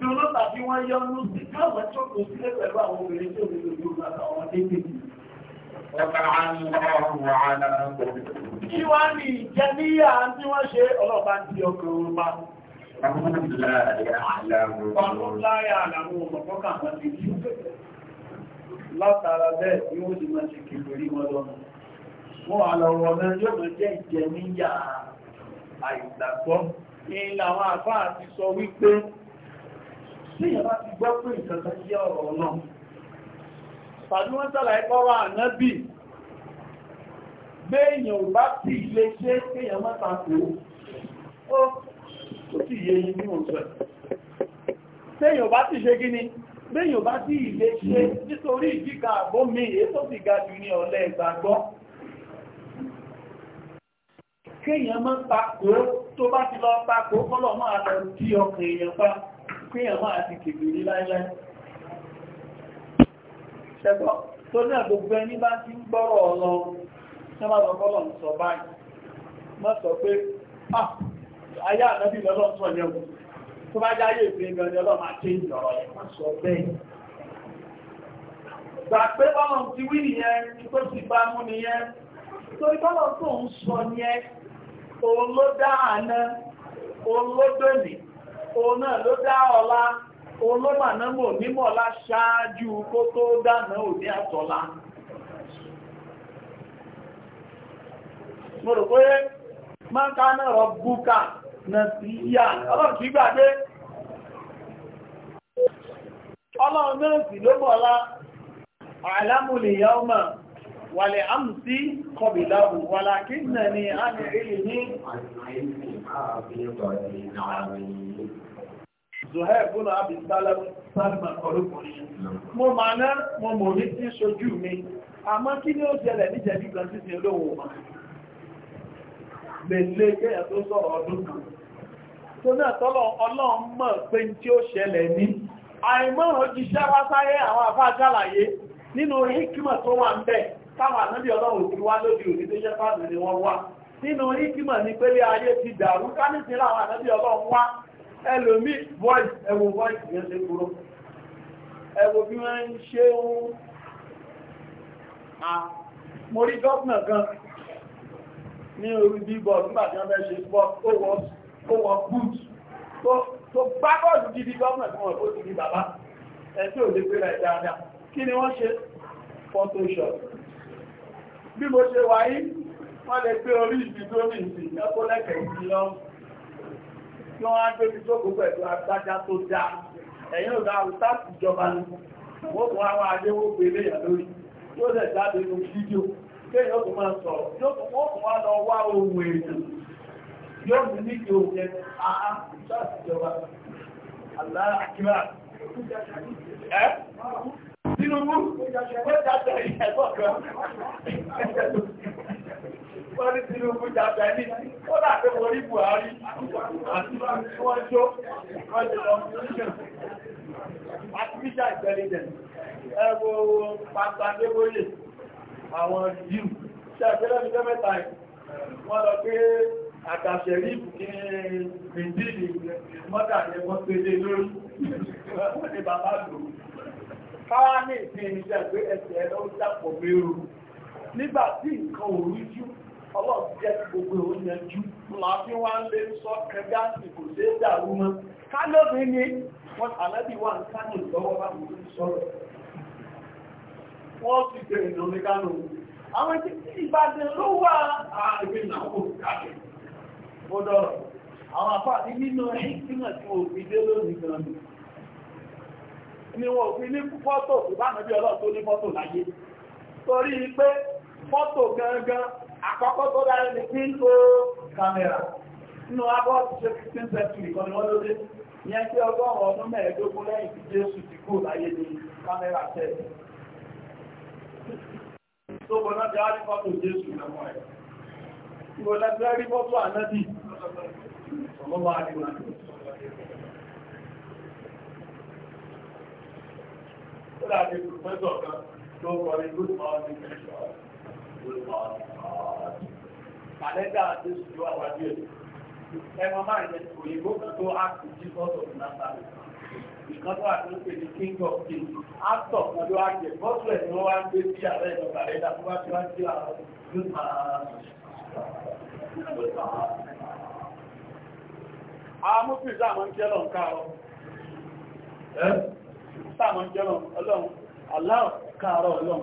dúró tàbí wọ́n yọ́nú sí káwọn tó kò sílé pẹ̀lú àwọn obìnrin tó lè lójú àtàwọn dédèdè. Kí wá ní ìjẹ́ níyà tí wọ́n ṣe ọlọ́pàá ti ọkọ̀ orúpa? Ọlọ́pàá láyé àlàmù ọmọ kọ́kà láti kí ó látara bẹ́ẹ̀ ni ó sì máa ṣe kìlò rí wọn lọ́nà wọ́n wà lọ wọ́n náà yóò mọ̀ jẹ́ ìjẹ níyà àìgbàgbọ́ ní làwọn àfáà ti sọ wípé tíyàn bá ti gbọ́ pé ìjọba jẹ́ ọ̀rọ̀ náà tàbí wọ́n sàlàyé kọ́wà ànábì béèyàn ò bá ti lè ṣe kéèyàn mọ́ta kò ó sì yé yìí ní òṣèlú téèyàn ò bá ti ṣe gíní béèyàn ò bá ti lè ṣe nítorí ìdíkà àbómi èyí tó sì ga jù ní ọ̀lẹ ìgbàgbọ́ kéèyàn mọ́ takò tó bá ti lọ takò kọ́lọ̀ máa lọ tí ọkàn èèyàn pa kéèyàn máa ti kèbè ní láíláí ṣẹgbọ́ tó náà gbogbo ẹni bá ti ń gbọ́rọ̀ ọ̀lọ́ sẹ́mọ́lọ́ kọ́lọ̀ ń sọ báyìí mọ́ sọ pé ah ayé ànábì lọ́lọ́ sọ yẹn wò tó bá jáyé ìfẹ́ ni ọlọ́run máa ṣe ìjọ̀rọ̀ yẹn ti wí nìyẹn tó sì bá mú nìyẹn torí bọ́lọ̀ tó ń sọ yẹn òun ló dá àná òun ló dòní òun náà ló dá ọ̀la òun ló mà náà ṣáájú kó tó dáná òní àtọ̀la mo pé máa ká náà rọ búkà náà sí yà ọlọ́run kìí ọlọ́run náà sì ló mọ̀lá wàlẹ̀ àmùsí kọbìlá wàlá kí nà ní àmì ìlú ní Zuhair bọ́nà àbí sálàmà ọlọ́kùnrin. Mo máa ná mo mọ̀ ní tí ṣojú mi, àmọ́ kí ni ó jẹlẹ̀ ní jẹ̀bí kan sí ti olóòwò máa. Lè lé kẹ́yà tó sọ̀rọ̀ ọdún kan. Tó náà ọlọ́run mọ̀ pé tí ó ṣẹlẹ̀ ní. Àìmọ́ òjíṣẹ́ wá sáyé àwọn àfáà nínú hikima tó wà ń bẹ̀ táwọn ànábì ọlọ́run ti wá lóde òní tó jẹ́ fáàmì ni wọ́n wá nínú ìkímọ̀ ní pélé ayé ti dàrú kánísì láwọn ànábì ọlọ́run wá ẹlòmí voice ẹwọ voice yẹn ṣe kúrò ẹwọ bí wọ́n ń ṣe ń a mo rí gọ́ọ̀nà kan ní orí bíbọ̀ nígbà tí wọ́n fẹ́ ṣe sport ó wọ boot tó gbá bọ́ọ̀lù gidi gọ́ọ̀nà tí wọ́n kó ti di bàbá ẹ̀ tí ò lè pé rẹ̀ dáadáa kí ni wọ́n ṣe photoshop bí mo ṣe wáyé wọ́n lè gbé orí ìdíjó ní ìsìn ẹkọ́ lẹ́kẹ̀ẹ́ sí lọ kí wọ́n á gbé mi jókòó pẹ̀lú agbájá tó dáa ẹ̀yìn ò dáa ìjọba àwọn adéwó lórí yóò lẹ̀ jáde ní fídíò kéèyàn Tinubu ó dájọ́ ìyẹ̀kọ́ kan. Wọ́n ní Tinubu dájọ́ ẹni, ó dàgbé orí Buhari àti wọ́n jó ọjọ́ ọmọdún. Artificial intelligence, ẹgbò pàtàkébóyè, àwọn Jù, ṣe àgbẹ́lẹ́ mi lẹ́mẹ́ta wọ́n lọ pé àtàṣẹ̀rí ìbùkín Bìndínì mọ́tà ni wọ́n pé lé lórí. Wọ́n ní bàbá lòó. káwá ní ìpín ìjẹ́ pé ẹsẹ̀ ẹ̀rọ ń dàpọ̀ mẹ́rù nígbà tí nǹkan ò jú ọlọ́run gbogbo oúnjẹ jú láti wá ń lé sọ kẹjá sí sí dàrú mọ́ kálọ́bí ni wọ́n àlẹ́bí wà ń kánò lọ́wọ́ bá mi sọ̀rọ̀ wọ́n ti ní kánò àwọn tí ló wà ààrẹ náà kò káàkiri ni wọn ò fi ní fọ́tò ìbánàbí ọlọ́run ní fọ́tò láyé torí pé fọ́tò gangan àkọ́kọ́ tó dára ní kí n n'ụwa kàmẹ́rà nínú abọ́ century ọgọ́rùn-ún ọdún mẹ́ẹ̀ẹ́dógún lẹ́yìn tí Jésù ti kú láyé ní kàmẹ́rà tẹ̀. ó dàbí pòfẹ́sọ̀ kan tó kọrin good morning good morning kàlẹ́dà tó sì tó àwọn àdúyẹ̀ ẹ mọ máa yẹ òyìnbó kan tó áàkì jesus of nazareth ìkan tó àti ń pè ní king of kings actor kan ló ájẹ bọ́sùlẹ̀ ni wọ́n wá ń gbé sí ààrẹ ìjọba kàlẹ́dà tó lọ. sáàmọ́ jẹ́ ọlọ́run aláwọ̀ káàrọ̀ ọlọ́run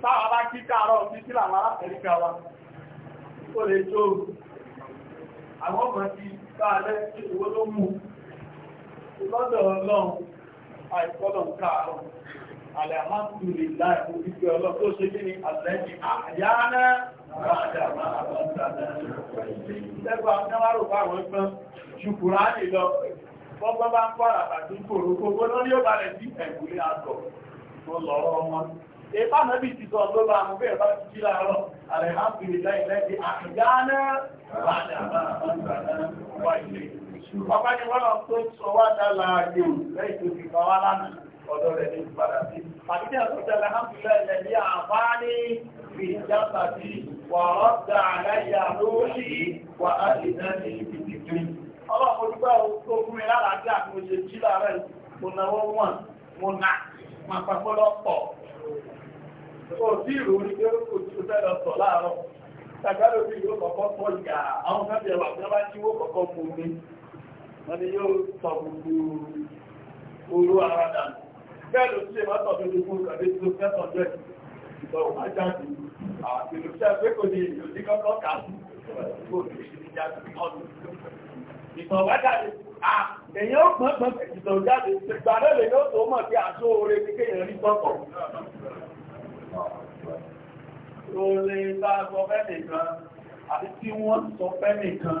sáwà bá kí káàrọ̀ ní sílà mara ẹ̀ríkà wa ó lè tó àwọn ọmọ ti káàlẹ́ sí owó ló mú lọ́dọ̀ ọlọ́run àìkọ́lọ̀ káàrọ̀ Ìjẹ́gbà ọ̀nà wárò bá wọ́n gbọ́n, ṣùkùrá nì bí ti sọ ló bá mú bẹ́ẹ̀ bá ti jí láàárọ̀, àrẹ̀ á fi lè láì lẹ́gbẹ́ àgbáná bá ní àbá wá ilé. Ọpá ni wọ́n lọ tó sọ wá dá láàárín tàbí àtúntà alhamdulillah alladhi àfáàní fi ìjábà a wà rọ́dà aláyà lórí wà á lè fún mi lálàájá mo ṣe jí láàárẹ̀ mo wọn mo nà lọ́pọ̀. sí pé kò tí láàárọ̀ bí pọ̀ àwọn wà bẹ́ẹ̀ ló ṣe máa tọ̀dọ̀ ní fún ìkàdé tó fẹ́sọ̀ jẹ́ ìtọ̀ àjáde àti ìlúṣẹ́ pé kò ní ìlú ní kọ́kọ́ kà sí ìtọ̀ wájáde èyàn ó pọ́n pọ́n ìtọ̀ jáde ìgbà náà lè yóò tó mọ̀ sí àṣọ oore ní kéèyàn rí tọ́kọ̀ tó lè bá sọ fẹ́ nìkan àti tí wọ́n sọ fẹ́ nìkan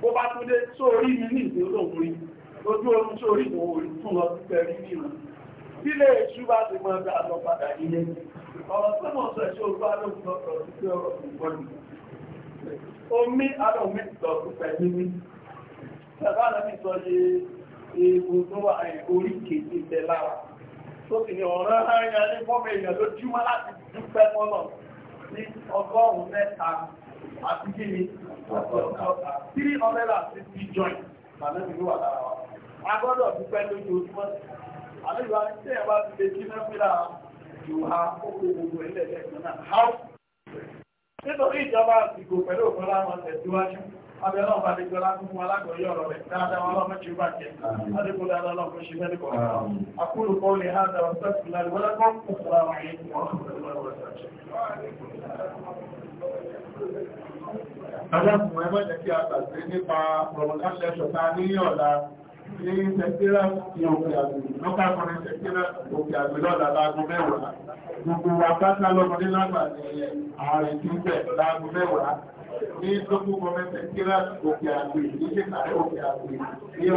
bó bá tún dé sórí mi ní ìdí olóògùn rí lójú oorun sórí mo rí fún lọ sí pẹ̀lú ìran sílé èṣù bá ti mọ ọgbà lọ padà nílé ọ̀rọ̀ tí mo sọ èṣù olúwa ló ń lọ sọ̀rọ̀ sí pé ọ̀rọ̀ kò gbọ́dọ̀ omi alọ́ mi lọ sí pẹ̀lú mi bàbá náà mi àti kí ni three hundred and fifty joint lànàbí ló wà lára wa a gbọ́dọ̀ dúpẹ́ lójoojúmọ́ àlejò àti tí ẹ bá ti lè kí náà fíra yòówá ó kó gbogbo ẹlẹ́ẹ̀kẹ́ náà how nítorí ìjọba àsìkò pẹ̀lú òfin láwọn tẹ̀síwájú abẹ́lọ́ bá lè gbọ́lá fún alágbọ̀yọ́ ọ̀rọ̀ rẹ̀ dáadáa wọn lọ́mọ tí ó bá jẹ́ adékò dáadáa lọ́mọ ṣe mẹ́lẹ̀ kọ̀ akúrò kọ́ lè hádà ọ̀sẹ̀ ìlànà wọ́lẹ́kọ́ Adákùn ẹmọ́ jẹ́ kí a tàbí nípa Ramadan lẹ́ṣọ̀ ta ní ọ̀la ní Tẹ̀kírà ti òkè àgbè, lọ́kà kọrin Tẹ̀kírà òkè àgbè lọ́la láago mẹ́wàá. Gbogbo wa pátá lọ́mọdé lágbà ní ààrẹ tí ń bẹ̀ láago mẹ́wàá. Ní lọ́kù kọrin Tẹ̀kírà òkè àgbè, ní